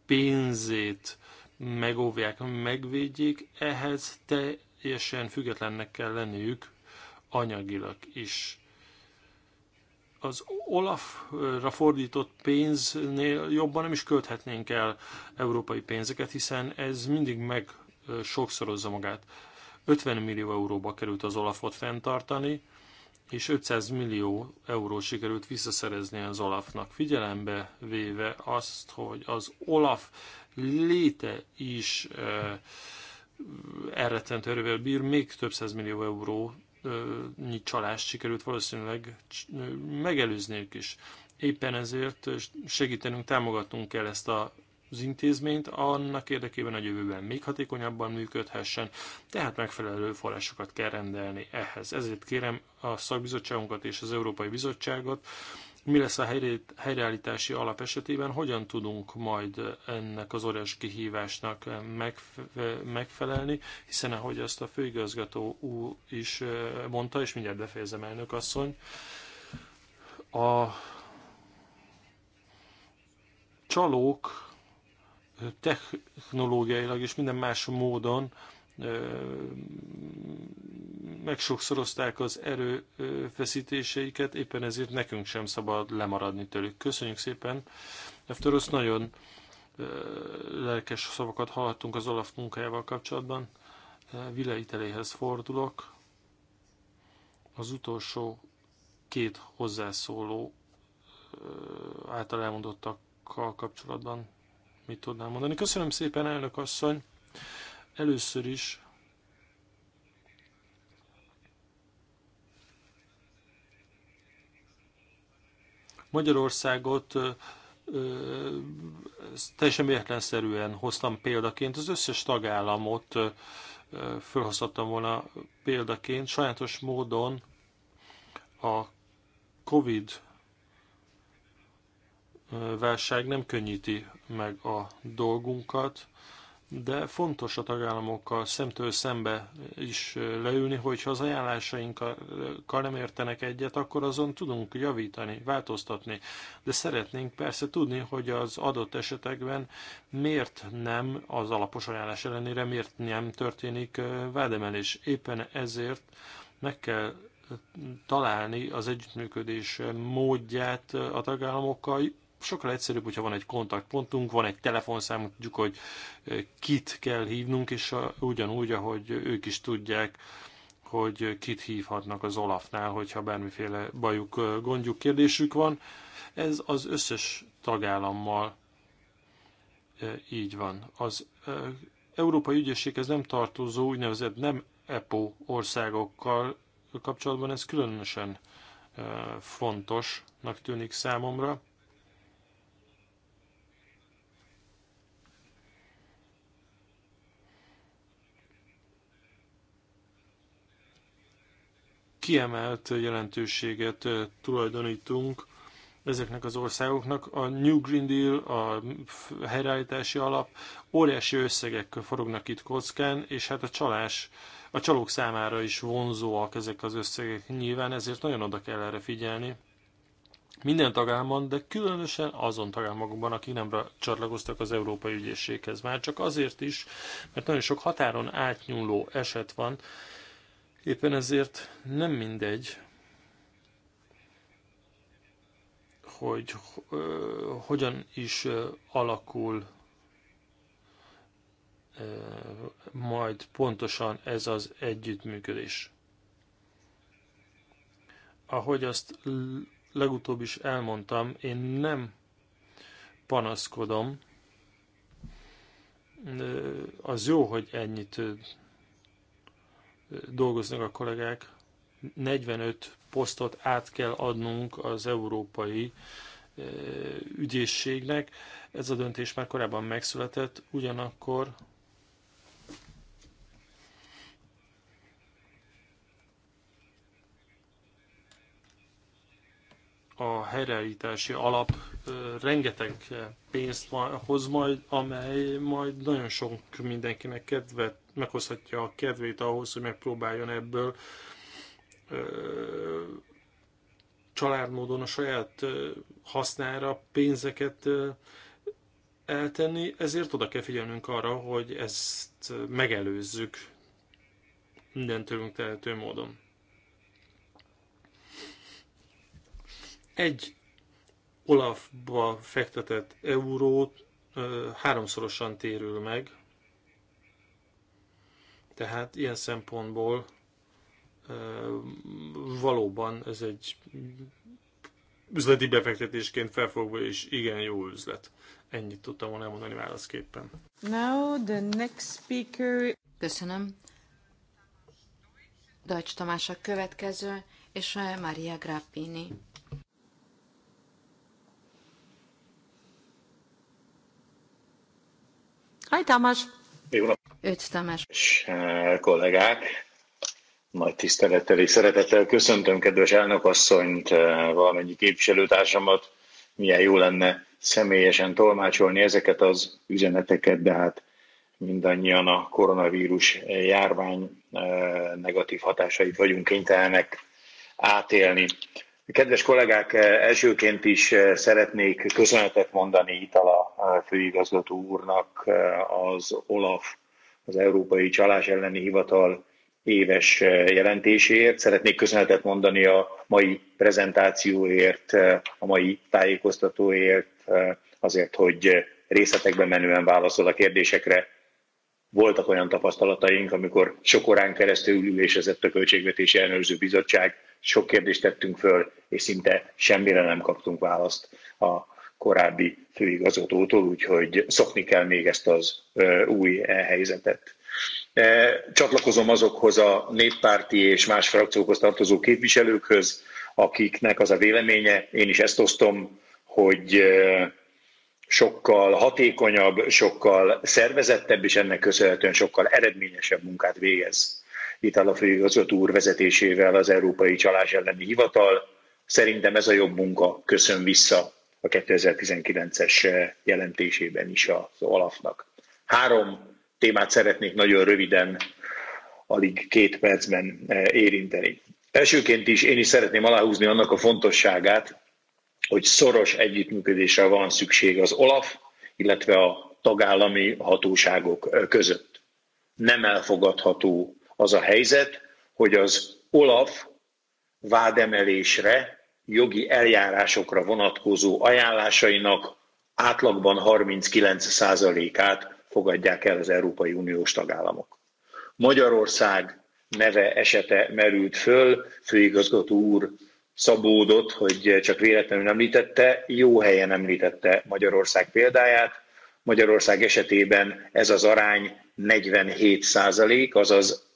S3: pénzét megóvják, megvédjék, ehhez teljesen függetlennek kell lenniük anyagilag is. Az Olafra fordított pénznél jobban nem is költhetnénk el európai pénzeket, hiszen ez mindig meg sokszorozza magát. 50 millió euróba került az Olafot fenntartani, és 500 millió euró sikerült visszaszerezni az Olafnak, figyelembe véve azt, hogy az Olaf léte is e, elrettentő erővel bír, még több millió euró e, csalást sikerült valószínűleg megelőzniük is. Éppen ezért segítenünk, támogatnunk kell ezt a az intézményt annak érdekében, hogy jövőben még hatékonyabban működhessen, tehát megfelelő forrásokat kell rendelni ehhez. Ezért kérem a szakbizottságunkat és az Európai Bizottságot, mi lesz a helyreállítási alap esetében, hogyan tudunk majd ennek az óriás kihívásnak megfelelni, hiszen ahogy azt a főigazgató úr is mondta, és mindjárt befejezem elnök asszony, a csalók technológiailag és minden más módon megsokszorozták az erőfeszítéseiket, éppen ezért nekünk sem szabad lemaradni tőlük. Köszönjük szépen! Efterosz nagyon lelkes szavakat hallhattunk az Olaf munkájával kapcsolatban. Vileiteléhez fordulok. Az utolsó két hozzászóló által elmondottakkal kapcsolatban mit tudnám mondani. Köszönöm szépen, elnök asszony. Először is Magyarországot teljesen véletlenszerűen hoztam példaként, az összes tagállamot felhozhattam volna példaként. Sajátos módon a Covid válság nem könnyíti meg a dolgunkat, de fontos a tagállamokkal szemtől szembe is leülni, hogyha az ajánlásainkkal nem értenek egyet, akkor azon tudunk javítani, változtatni. De szeretnénk persze tudni, hogy az adott esetekben miért nem az alapos ajánlás ellenére, miért nem történik vádemelés. Éppen ezért meg kell találni az együttműködés módját a tagállamokkal, sokkal egyszerűbb, hogyha van egy kontaktpontunk, van egy telefonszámunk, tudjuk, hogy kit kell hívnunk, és ugyanúgy, ahogy ők is tudják, hogy kit hívhatnak az Olafnál, hogyha bármiféle bajuk, gondjuk, kérdésük van. Ez az összes tagállammal így van. Az Európai Ügyészséghez nem tartozó úgynevezett nem EPO országokkal kapcsolatban ez különösen fontosnak tűnik számomra. kiemelt jelentőséget tulajdonítunk ezeknek az országoknak. A New Green Deal, a helyreállítási alap, óriási összegek forognak itt kockán, és hát a csalás a csalók számára is vonzóak ezek az összegek nyilván, ezért nagyon oda kell erre figyelni. Minden tagállamban, de különösen azon tagállamokban, akik nem csatlakoztak az Európai Ügyészséghez. Már csak azért is, mert nagyon sok határon átnyúló eset van, Éppen ezért nem mindegy, hogy ö, hogyan is ö, alakul ö, majd pontosan ez az együttműködés. Ahogy azt legutóbb is elmondtam, én nem panaszkodom. Az jó, hogy ennyit dolgoznak a kollégák. 45 posztot át kell adnunk az európai e, ügyészségnek. Ez a döntés már korábban megszületett, ugyanakkor a helyreállítási alap e, rengeteg pénzt hoz majd, amely majd nagyon sok mindenkinek kedvet meghozhatja a kedvét ahhoz, hogy megpróbáljon ebből családmódon a saját hasznára pénzeket eltenni, ezért oda kell figyelnünk arra, hogy ezt megelőzzük minden tőlünk tehető módon. Egy Olafba fektetett eurót háromszorosan térül meg, tehát ilyen szempontból valóban ez egy üzleti befektetésként felfogva és igen jó üzlet. Ennyit tudtam volna elmondani válaszképpen.
S1: Now the next speaker... Köszönöm. Deutsch Tamás a következő, és Maria Grappini. Hi, Tamás! Jó napot! Öt Tamás.
S4: Sár eh, kollégák, nagy tisztelettel és szeretettel köszöntöm kedves elnökasszonyt, eh, valamennyi képviselőtársamat. Milyen jó lenne személyesen tolmácsolni ezeket az üzeneteket, de hát mindannyian a koronavírus járvány eh, negatív hatásait vagyunk kénytelenek átélni. Kedves kollégák, elsőként is eh, szeretnék köszönetet mondani Itala eh, főigazgató úrnak eh, az OLAF, az Európai Csalás elleni Hivatal éves jelentéséért. Szeretnék köszönetet mondani a mai prezentációért, a mai tájékoztatóért, azért, hogy részletekben menően válaszol a kérdésekre. Voltak olyan tapasztalataink, amikor sok órán keresztül ülésezett a Költségvetési Ellenőrző Bizottság, sok kérdést tettünk föl, és szinte semmire nem kaptunk választ a korábbi főigazgatótól, úgyhogy szokni kell még ezt az új e helyzetet. E, csatlakozom azokhoz a néppárti és más frakciókhoz tartozó képviselőkhöz, akiknek az a véleménye, én is ezt osztom, hogy sokkal hatékonyabb, sokkal szervezettebb, és ennek köszönhetően sokkal eredményesebb munkát végez Itala főigazgató úr vezetésével az Európai Csalás elleni hivatal. Szerintem ez a jobb munka köszön vissza a 2019-es jelentésében is az Olafnak. Három témát szeretnék nagyon röviden, alig két percben eh, érinteni. Elsőként is én is szeretném aláhúzni annak a fontosságát, hogy szoros együttműködésre van szükség az OLAF, illetve a tagállami hatóságok eh, között. Nem elfogadható az a helyzet, hogy az Olaf vádemelésre, jogi eljárásokra vonatkozó ajánlásainak átlagban 39%-át fogadják el az Európai Uniós tagállamok. Magyarország neve esete merült föl, főigazgató úr szabódott, hogy csak véletlenül említette, jó helyen említette Magyarország példáját. Magyarország esetében ez az arány 47 százalék, azaz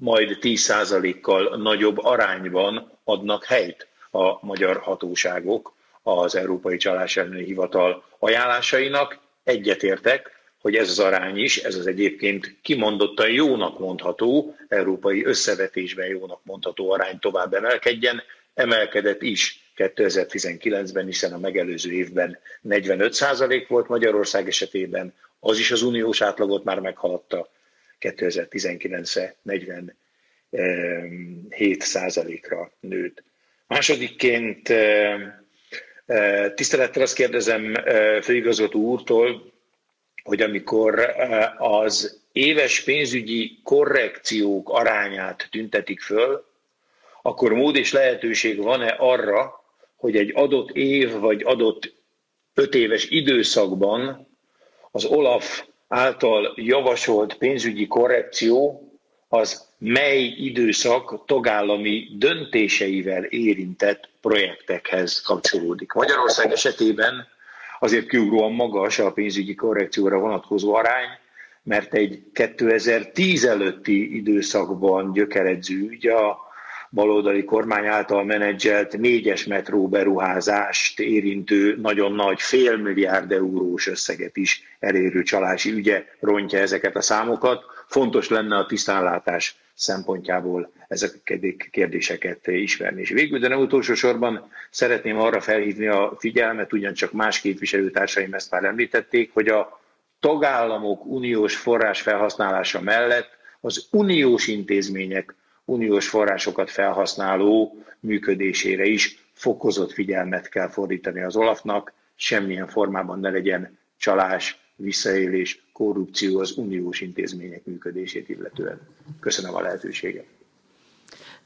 S4: majd 10%-kal nagyobb arányban adnak helyt a magyar hatóságok az Európai Csalás elleni Hivatal ajánlásainak. Egyetértek, hogy ez az arány is, ez az egyébként kimondottan jónak mondható, európai összevetésben jónak mondható arány tovább emelkedjen, emelkedett is 2019-ben, hiszen a megelőző évben 45% volt Magyarország esetében, az is az uniós átlagot már meghaladta, 2019 e 47 százalékra nőtt. Másodikként tisztelettel azt kérdezem főigazgató úrtól, hogy amikor az éves pénzügyi korrekciók arányát tüntetik föl, akkor mód és lehetőség van-e arra, hogy egy adott év vagy adott öt éves időszakban az OLAF által javasolt pénzügyi korrekció az mely időszak tagállami döntéseivel érintett projektekhez kapcsolódik. Magyarország esetében azért kiugróan magas a pénzügyi korrekcióra vonatkozó arány, mert egy 2010 előtti időszakban gyökeredző ügy a baloldali kormány által menedzselt négyes metró beruházást érintő nagyon nagy félmilliárd eurós összeget is elérő csalási ügye rontja ezeket a számokat. Fontos lenne a tisztánlátás szempontjából ezek a kérdéseket ismerni. És végül, de nem utolsó sorban szeretném arra felhívni a figyelmet, ugyancsak más képviselőtársaim ezt már említették, hogy a tagállamok uniós forrás felhasználása mellett az uniós intézmények uniós forrásokat felhasználó működésére is fokozott figyelmet kell fordítani az Olafnak, semmilyen formában ne legyen csalás, visszaélés, korrupció az uniós intézmények működését illetően. Köszönöm a lehetőséget.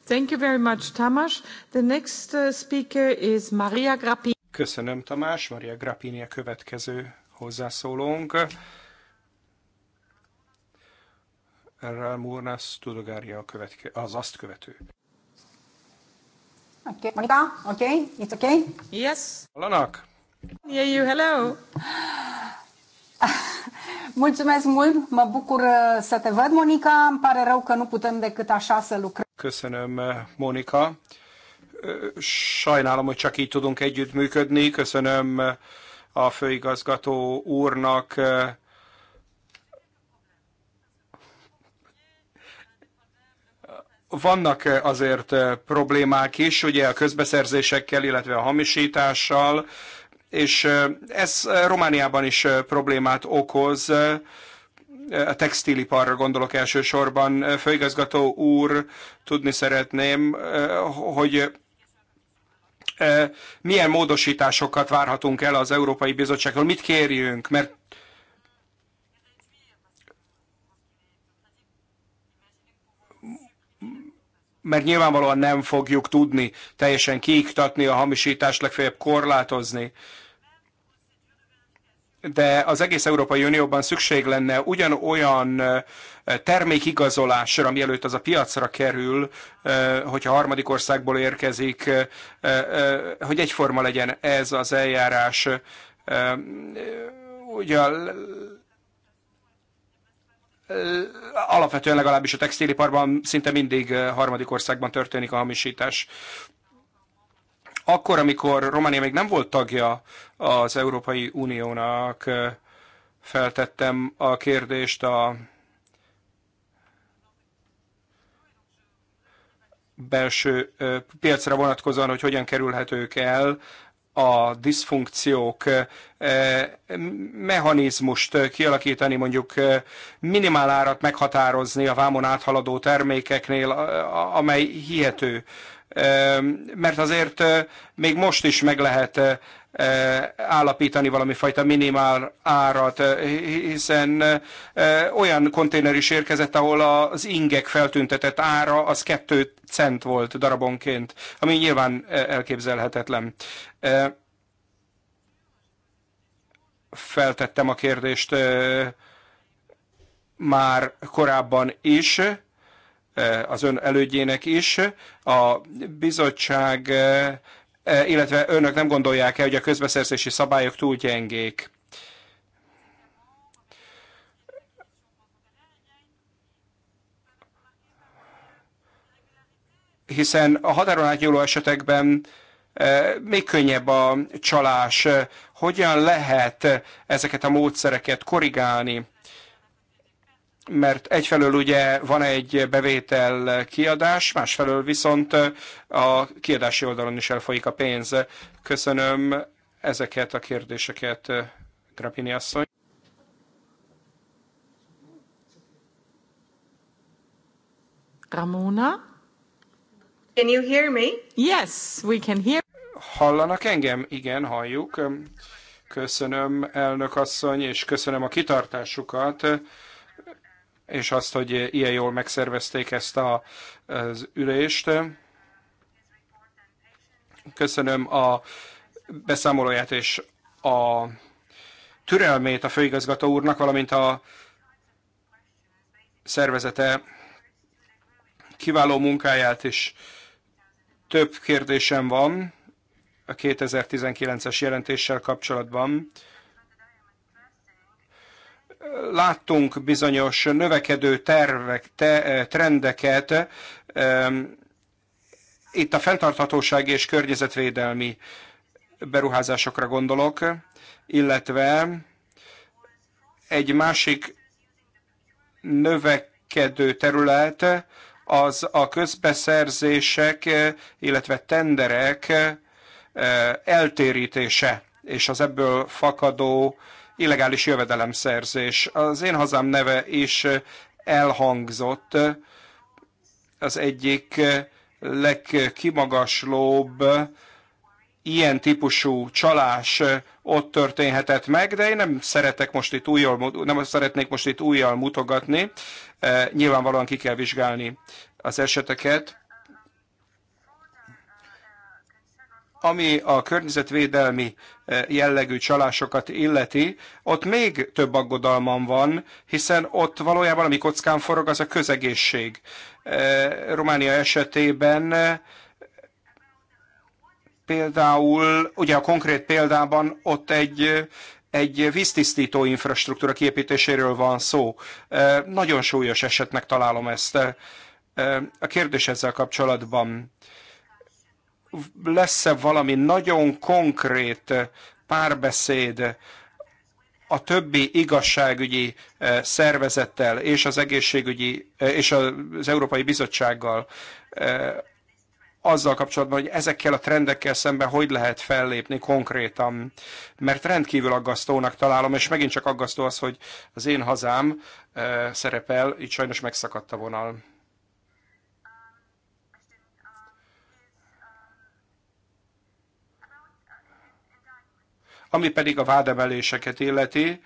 S2: Thank you very much, Tamás. The next uh, speaker is Maria Grappini. Köszönöm, Tamás. Maria Grappini a következő hozzászólónk. Ramurnas Tudogária a követke, az azt követő.
S1: Okay, Monika, okay, it's okay?
S2: Yes. Hallanak?
S4: Yeah, you, hello. Mulțumesc mult, mă bucur uh, să te văd, Monica. Îmi pare rău că nu putem decât așa să lucrăm.
S2: Köszönöm, uh, Monika. Uh, sajnálom, hogy csak így tudunk együttműködni. Köszönöm a főigazgató úrnak vannak eh, azért eh, problémák is, ugye a közbeszerzésekkel, illetve a hamisítással, és eh, ez Romániában is problémát okoz. A textiliparra gondolok elsősorban. Főigazgató úr, tudni szeretném, hogy milyen módosításokat várhatunk el az Európai Bizottságtól, mit kérjünk, mert mert nyilvánvalóan nem fogjuk tudni teljesen kiiktatni a hamisítást, legfeljebb korlátozni. De az egész Európai Unióban szükség lenne ugyanolyan termékigazolásra, mielőtt az a piacra kerül, hogyha harmadik országból érkezik, hogy egyforma legyen ez az eljárás. Ugye alapvetően legalábbis a textiliparban szinte mindig harmadik országban történik a hamisítás. Akkor, amikor Románia még nem volt tagja az Európai Uniónak, feltettem a kérdést a belső piacra vonatkozóan, hogy hogyan kerülhetők el a diszfunkciók eh, eh, mechanizmust kialakítani, mondjuk eh, árat meghatározni a vámon áthaladó termékeknél, amely hihető. Mert azért még most is meg lehet Eh, állapítani valami fajta minimál árat, eh, hiszen eh, olyan konténer is érkezett, ahol az ingek feltüntetett ára az 2 cent volt darabonként, ami nyilván elképzelhetetlen. Feltettem a kérdést már korábban is, az ön elődjének is. A bizottság E, illetve önök nem gondolják e hogy a közbeszerzési szabályok túl gyengék. Hiszen a határon átnyúló esetekben e, még könnyebb a csalás. E, hogyan lehet ezeket a módszereket korrigálni? mert egyfelől ugye van egy bevétel kiadás, másfelől viszont a kiadási oldalon is elfolyik a pénz. Köszönöm ezeket a kérdéseket, Grapini asszony.
S1: Ramona? Can you hear me?
S2: Yes, we can hear. Hallanak engem? Igen, halljuk. Köszönöm, elnök asszony, és köszönöm a kitartásukat és azt, hogy ilyen jól megszervezték ezt a, az ülést. Köszönöm a beszámolóját és a türelmét a főigazgató úrnak, valamint a szervezete kiváló munkáját is. Több kérdésem van a 2019-es jelentéssel kapcsolatban láttunk bizonyos növekedő tervek, te, eh, trendeket, itt a fenntarthatóság és környezetvédelmi beruházásokra gondolok, illetve egy másik növekedő terület az a közbeszerzések, illetve tenderek eh, eltérítése és az ebből fakadó illegális jövedelemszerzés. Az én hazám neve is elhangzott az egyik legkimagaslóbb ilyen típusú csalás ott történhetett meg, de én nem szeretek most itt újjal, nem szeretnék most itt újjal mutogatni. Nyilvánvalóan ki kell vizsgálni az eseteket. Ami a környezetvédelmi eh, jellegű csalásokat illeti, ott még több aggodalmam van, hiszen ott valójában, ami kockán forog, az a közegészség. Eh, Románia esetében eh, például, ugye a konkrét példában ott egy, egy víztisztító infrastruktúra kiépítéséről van szó. Nagyon súlyos esetnek találom ezt. A kérdés ezzel kapcsolatban lesz-e valami nagyon konkrét párbeszéd a többi igazságügyi eh, szervezettel és az egészségügyi eh, és az Európai Bizottsággal eh, azzal kapcsolatban, hogy ezekkel a trendekkel szemben hogy lehet fellépni konkrétan. Mert rendkívül aggasztónak találom, és megint csak aggasztó az, hogy az én hazám szerepel, itt sajnos megszakadt a vonal. Ami pedig a vádemeléseket illeti,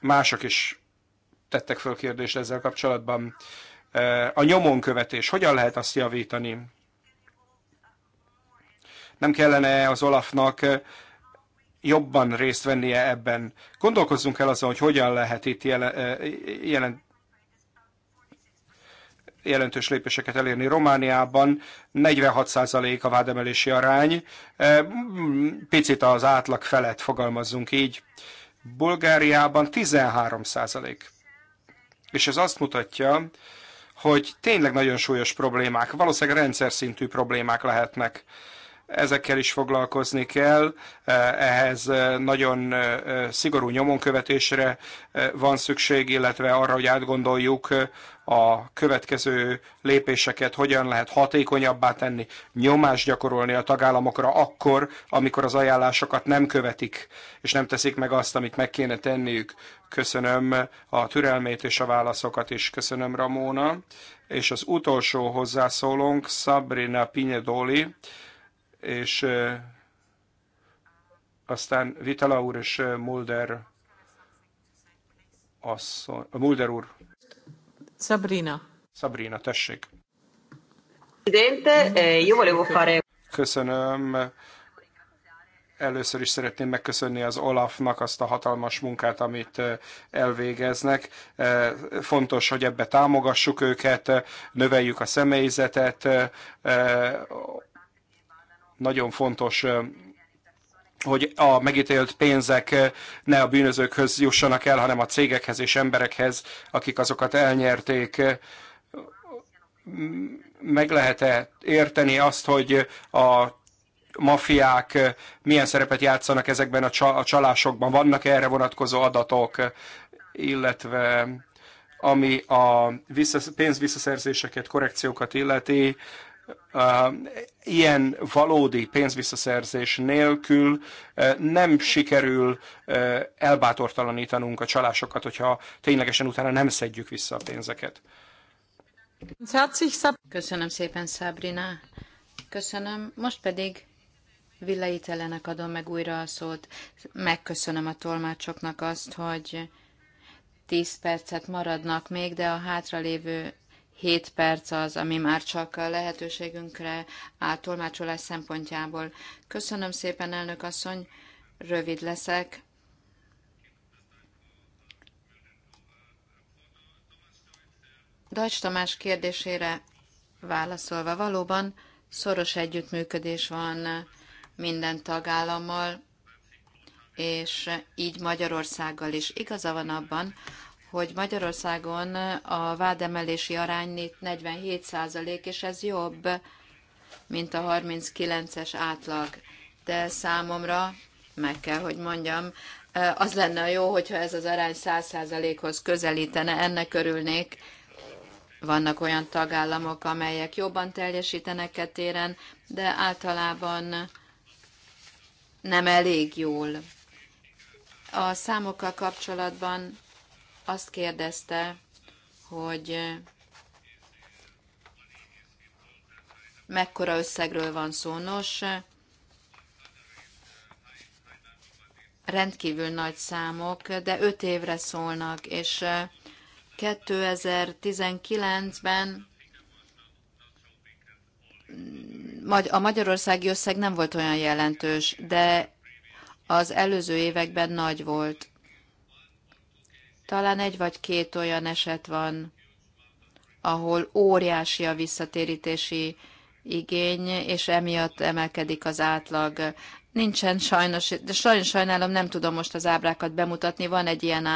S2: mások is tettek föl kérdést ezzel kapcsolatban. E, a nyomonkövetés, hogyan lehet azt javítani? Nem kellene az Olafnak jobban részt vennie ebben. Gondolkozzunk el azon, hogy hogyan lehet itt jelen, e, jelen, jelentős lépéseket elérni. Romániában 46% a vádemelési arány, e, picit az átlag felett fogalmazzunk így. Bulgáriában 13%. És ez azt mutatja, hogy tényleg nagyon súlyos problémák, valószínűleg rendszer szintű problémák lehetnek ezekkel is foglalkozni kell, e, ehhez e, nagyon e, szigorú nyomonkövetésre van szükség, illetve arra, hogy átgondoljuk a következő lépéseket, hogyan lehet hatékonyabbá tenni, nyomást gyakorolni a tagállamokra akkor, amikor az ajánlásokat nem követik, és nem teszik meg azt, amit meg kéne tenniük. Köszönöm a türelmét és a válaszokat is. Köszönöm, Ramóna. És az utolsó hozzászólónk, Sabrina Pinedoli, és aztán Vitala úr és Mulder, asszony, Mulder úr. Sabrina. Sabrina, tessék.
S1: Eh,
S2: Köszönöm. Először is szeretném megköszönni az Olafnak azt a hatalmas munkát, amit elvégeznek. Fontos, hogy ebbe támogassuk őket, növeljük a személyzetet, nagyon fontos hogy a megítélt pénzek ne a bűnözőkhöz jussanak el, hanem a cégekhez és emberekhez, akik azokat elnyerték. Meg lehet-e érteni azt, hogy a mafiák milyen szerepet játszanak ezekben a csalásokban? Vannak -e erre vonatkozó adatok, illetve ami a pénzvisszaszerzéseket, korrekciókat illeti, Um, ilyen valódi pénzvisszaszerzés nélkül uh, nem sikerül uh, elbátortalanítanunk a csalásokat, hogyha ténylegesen utána nem szedjük vissza a pénzeket.
S1: Köszönöm szépen, Sabrina. Köszönöm. Most pedig Villaitelenek adom meg újra a szót. Megköszönöm a tolmácsoknak azt, hogy 10 percet maradnak még, de a hátralévő Hét perc az, ami már csak a lehetőségünkre áll tolmácsolás szempontjából. Köszönöm szépen, elnök asszony, rövid leszek. Dajcs Tamás kérdésére válaszolva valóban szoros együttműködés van minden tagállammal, és így Magyarországgal is igaza van abban, hogy Magyarországon a vádemelési arány 47 és ez jobb, mint a 39-es átlag. De számomra, meg kell, hogy mondjam, eh, az lenne a jó, hogyha ez az arány 100%-hoz közelítene, ennek örülnék. Vannak olyan tagállamok, amelyek jobban teljesítenek e téren, de általában nem elég jól. A számokkal kapcsolatban azt kérdezte, hogy eh, mekkora összegről van szó. Nos, eh, rendkívül nagy számok, de öt évre szólnak, és 2019-ben eh, a magyarországi összeg nem volt olyan jelentős, de az előző években nagy volt. Talán egy vagy két olyan eset van, ahol óriási a visszatérítési igény, és emiatt emelkedik az átlag. Nincsen sajnos, de sajnos sajnálom, nem tudom most az ábrákat bemutatni. Van egy ilyen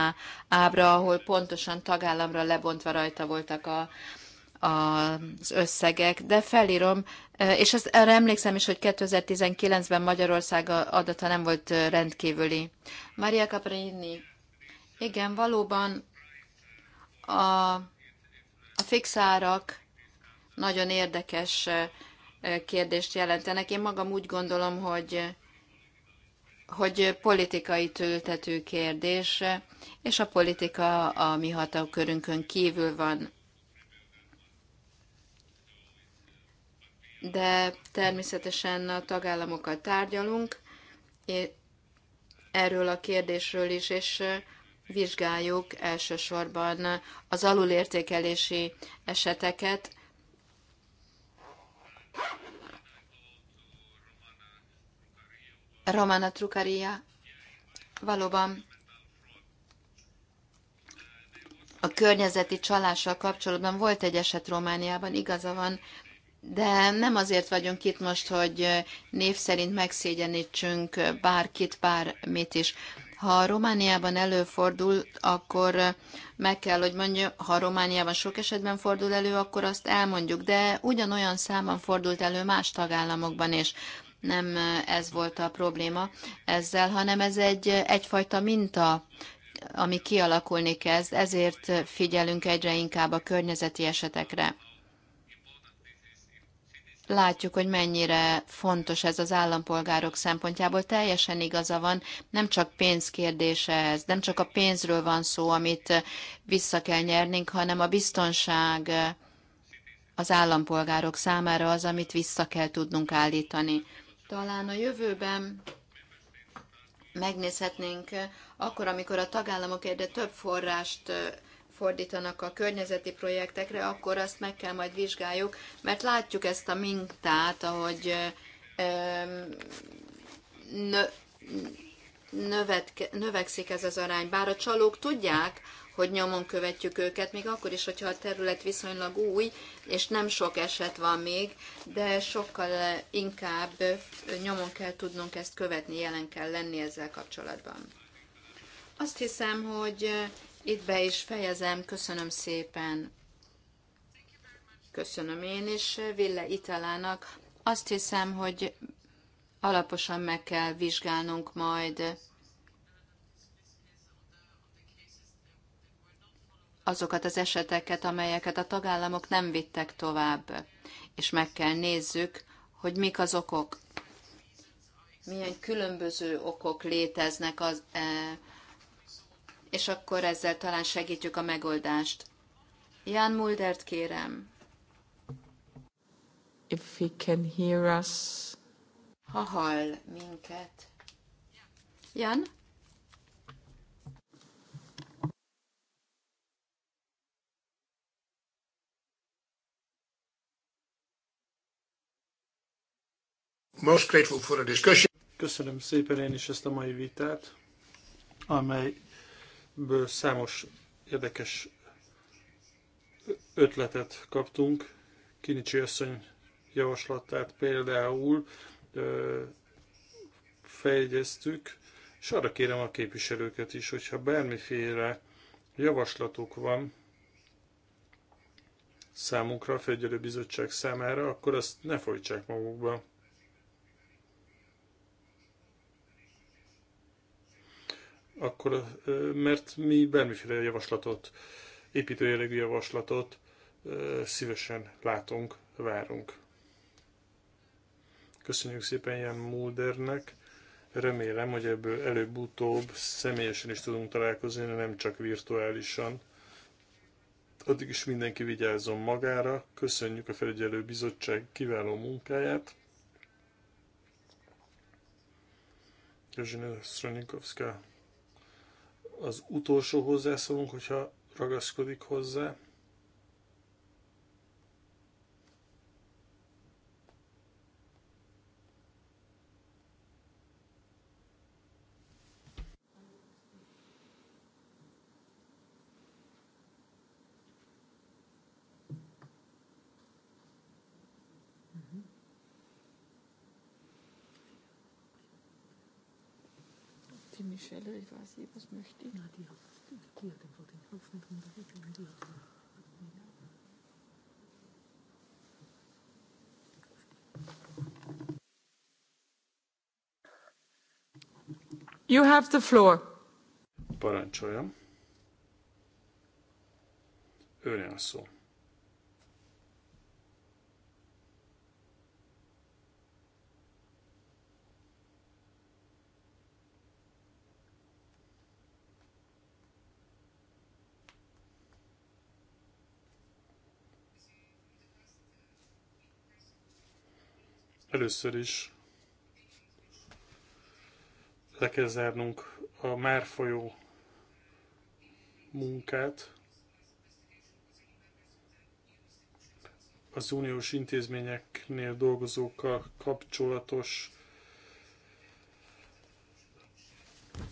S1: ábra, ahol pontosan tagállamra lebontva rajta voltak a, az összegek, de felírom, és ezt, erre emlékszem is, hogy 2019-ben Magyarország adata nem volt rendkívüli. Maria Caprini igen, valóban a, a fixárak nagyon érdekes kérdést jelentenek. Én magam úgy gondolom, hogy, hogy politikai töltető kérdés, és a politika a mi hatókörünkön kívül van. De természetesen a tagállamokkal tárgyalunk erről a kérdésről is, és vizsgáljuk elsősorban az alulértékelési eseteket, Romana Trukaria valóban a környezeti csalással kapcsolatban volt egy eset Romániában, igaza van, de nem azért vagyunk itt most, hogy név szerint megszégyenítsünk bárkit, bármit is. Ha Romániában előfordul, akkor meg kell, hogy mondjuk ha Romániában sok esetben fordul elő, akkor azt elmondjuk, de ugyanolyan számban fordult elő más tagállamokban is. Nem ez volt a probléma ezzel, hanem ez egy egyfajta minta, ami kialakulni kezd, ezért figyelünk egyre inkább a környezeti esetekre látjuk, hogy mennyire fontos ez az állampolgárok szempontjából. Teljesen igaza van, nem csak pénz kérdése ez, nem csak a pénzről van szó, amit eh, vissza kell nyernünk, hanem a biztonság eh, az állampolgárok számára az, amit vissza kell tudnunk állítani. Talán a jövőben megnézhetnénk eh, akkor, amikor a tagállamok egyre több forrást fordítanak a környezeti projektekre, akkor azt meg kell majd vizsgáljuk, mert látjuk ezt a mintát, ahogy nö, növetke, növekszik ez az arány. Bár a csalók tudják, hogy nyomon követjük őket, még akkor is, hogyha a terület viszonylag új, és nem sok eset van még, de sokkal inkább nyomon kell tudnunk ezt követni, jelen kell lenni ezzel kapcsolatban. Azt hiszem, hogy itt be is fejezem, köszönöm szépen. Köszönöm én is Ville Italának. Azt hiszem, hogy alaposan meg kell vizsgálnunk majd azokat az eseteket, amelyeket a tagállamok nem vittek tovább, és meg kell nézzük, hogy mik az okok, milyen különböző okok léteznek az, eh, és akkor ezzel talán segítjük a megoldást. Jan Muldert kérem. If he can hear us. Ha hall minket. Jan?
S3: Most grateful for the Köszönöm szépen én is ezt a mai vitát, amely ből számos érdekes ötletet kaptunk. Kinicsi összöny javaslatát például fejegyeztük, és arra kérem a képviselőket is, hogyha bármiféle javaslatuk van számunkra, a Fegyelőbizottság számára, akkor azt ne folytsák magukba. akkor, mert mi bármiféle javaslatot, építőjelegű javaslatot szívesen látunk, várunk. Köszönjük szépen Jan Muldernek. Remélem, hogy ebből előbb-utóbb személyesen is tudunk találkozni, nem csak virtuálisan. Addig is mindenki vigyázzon magára. Köszönjük a felügyelő bizottság kiváló munkáját. Köszönjük, Stronikovska az utolsó hozzászólunk, hogyha ragaszkodik hozzá. Stelle, ich weiß nicht, was möchte ich. Na, die hat, die hat einfach
S4: den die hat
S1: You have the floor.
S3: Parancsolja. ön a szó. Először is le kell zárnunk a már folyó munkát, az uniós intézményeknél dolgozókkal kapcsolatos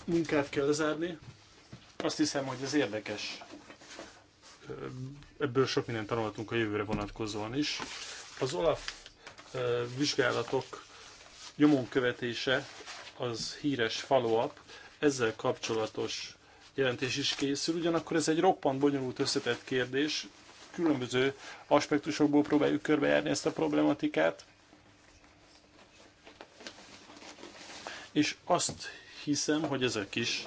S3: munkát kell lezárni. Azt hiszem, hogy ez érdekes. Ebből sok mindent tanultunk a jövőre vonatkozóan is. Az Olaf vizsgálatok nyomon követése az híres follow-up, ezzel kapcsolatos jelentés is készül, ugyanakkor ez egy roppant bonyolult összetett kérdés, különböző aspektusokból próbáljuk körbejárni ezt a problematikát, és azt hiszem, hogy ezek is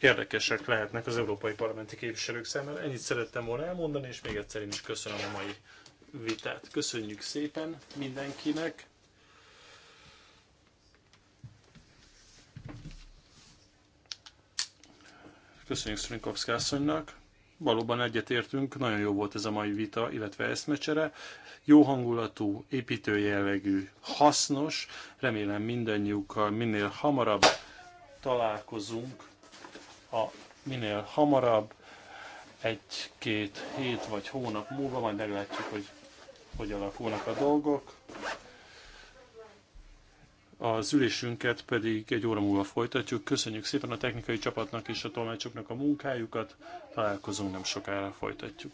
S3: érdekesek lehetnek az európai parlamenti képviselők számára. Ennyit szerettem volna elmondani, és még egyszer én is köszönöm a mai vitát. Köszönjük szépen mindenkinek! Köszönjük Szrinkovszki asszonynak! Valóban egyetértünk, nagyon jó volt ez a mai vita, illetve eszmecsere. Jó hangulatú, építő jellegű, hasznos. Remélem mindannyiukkal minél hamarabb találkozunk, a minél hamarabb, egy-két hét vagy hónap múlva, majd meglátjuk, hogy hogy alakulnak a dolgok. Az ülésünket pedig egy óra múlva folytatjuk. Köszönjük szépen a technikai csapatnak és a tolmácsoknak a munkájukat. Találkozunk
S4: nem sokára, folytatjuk.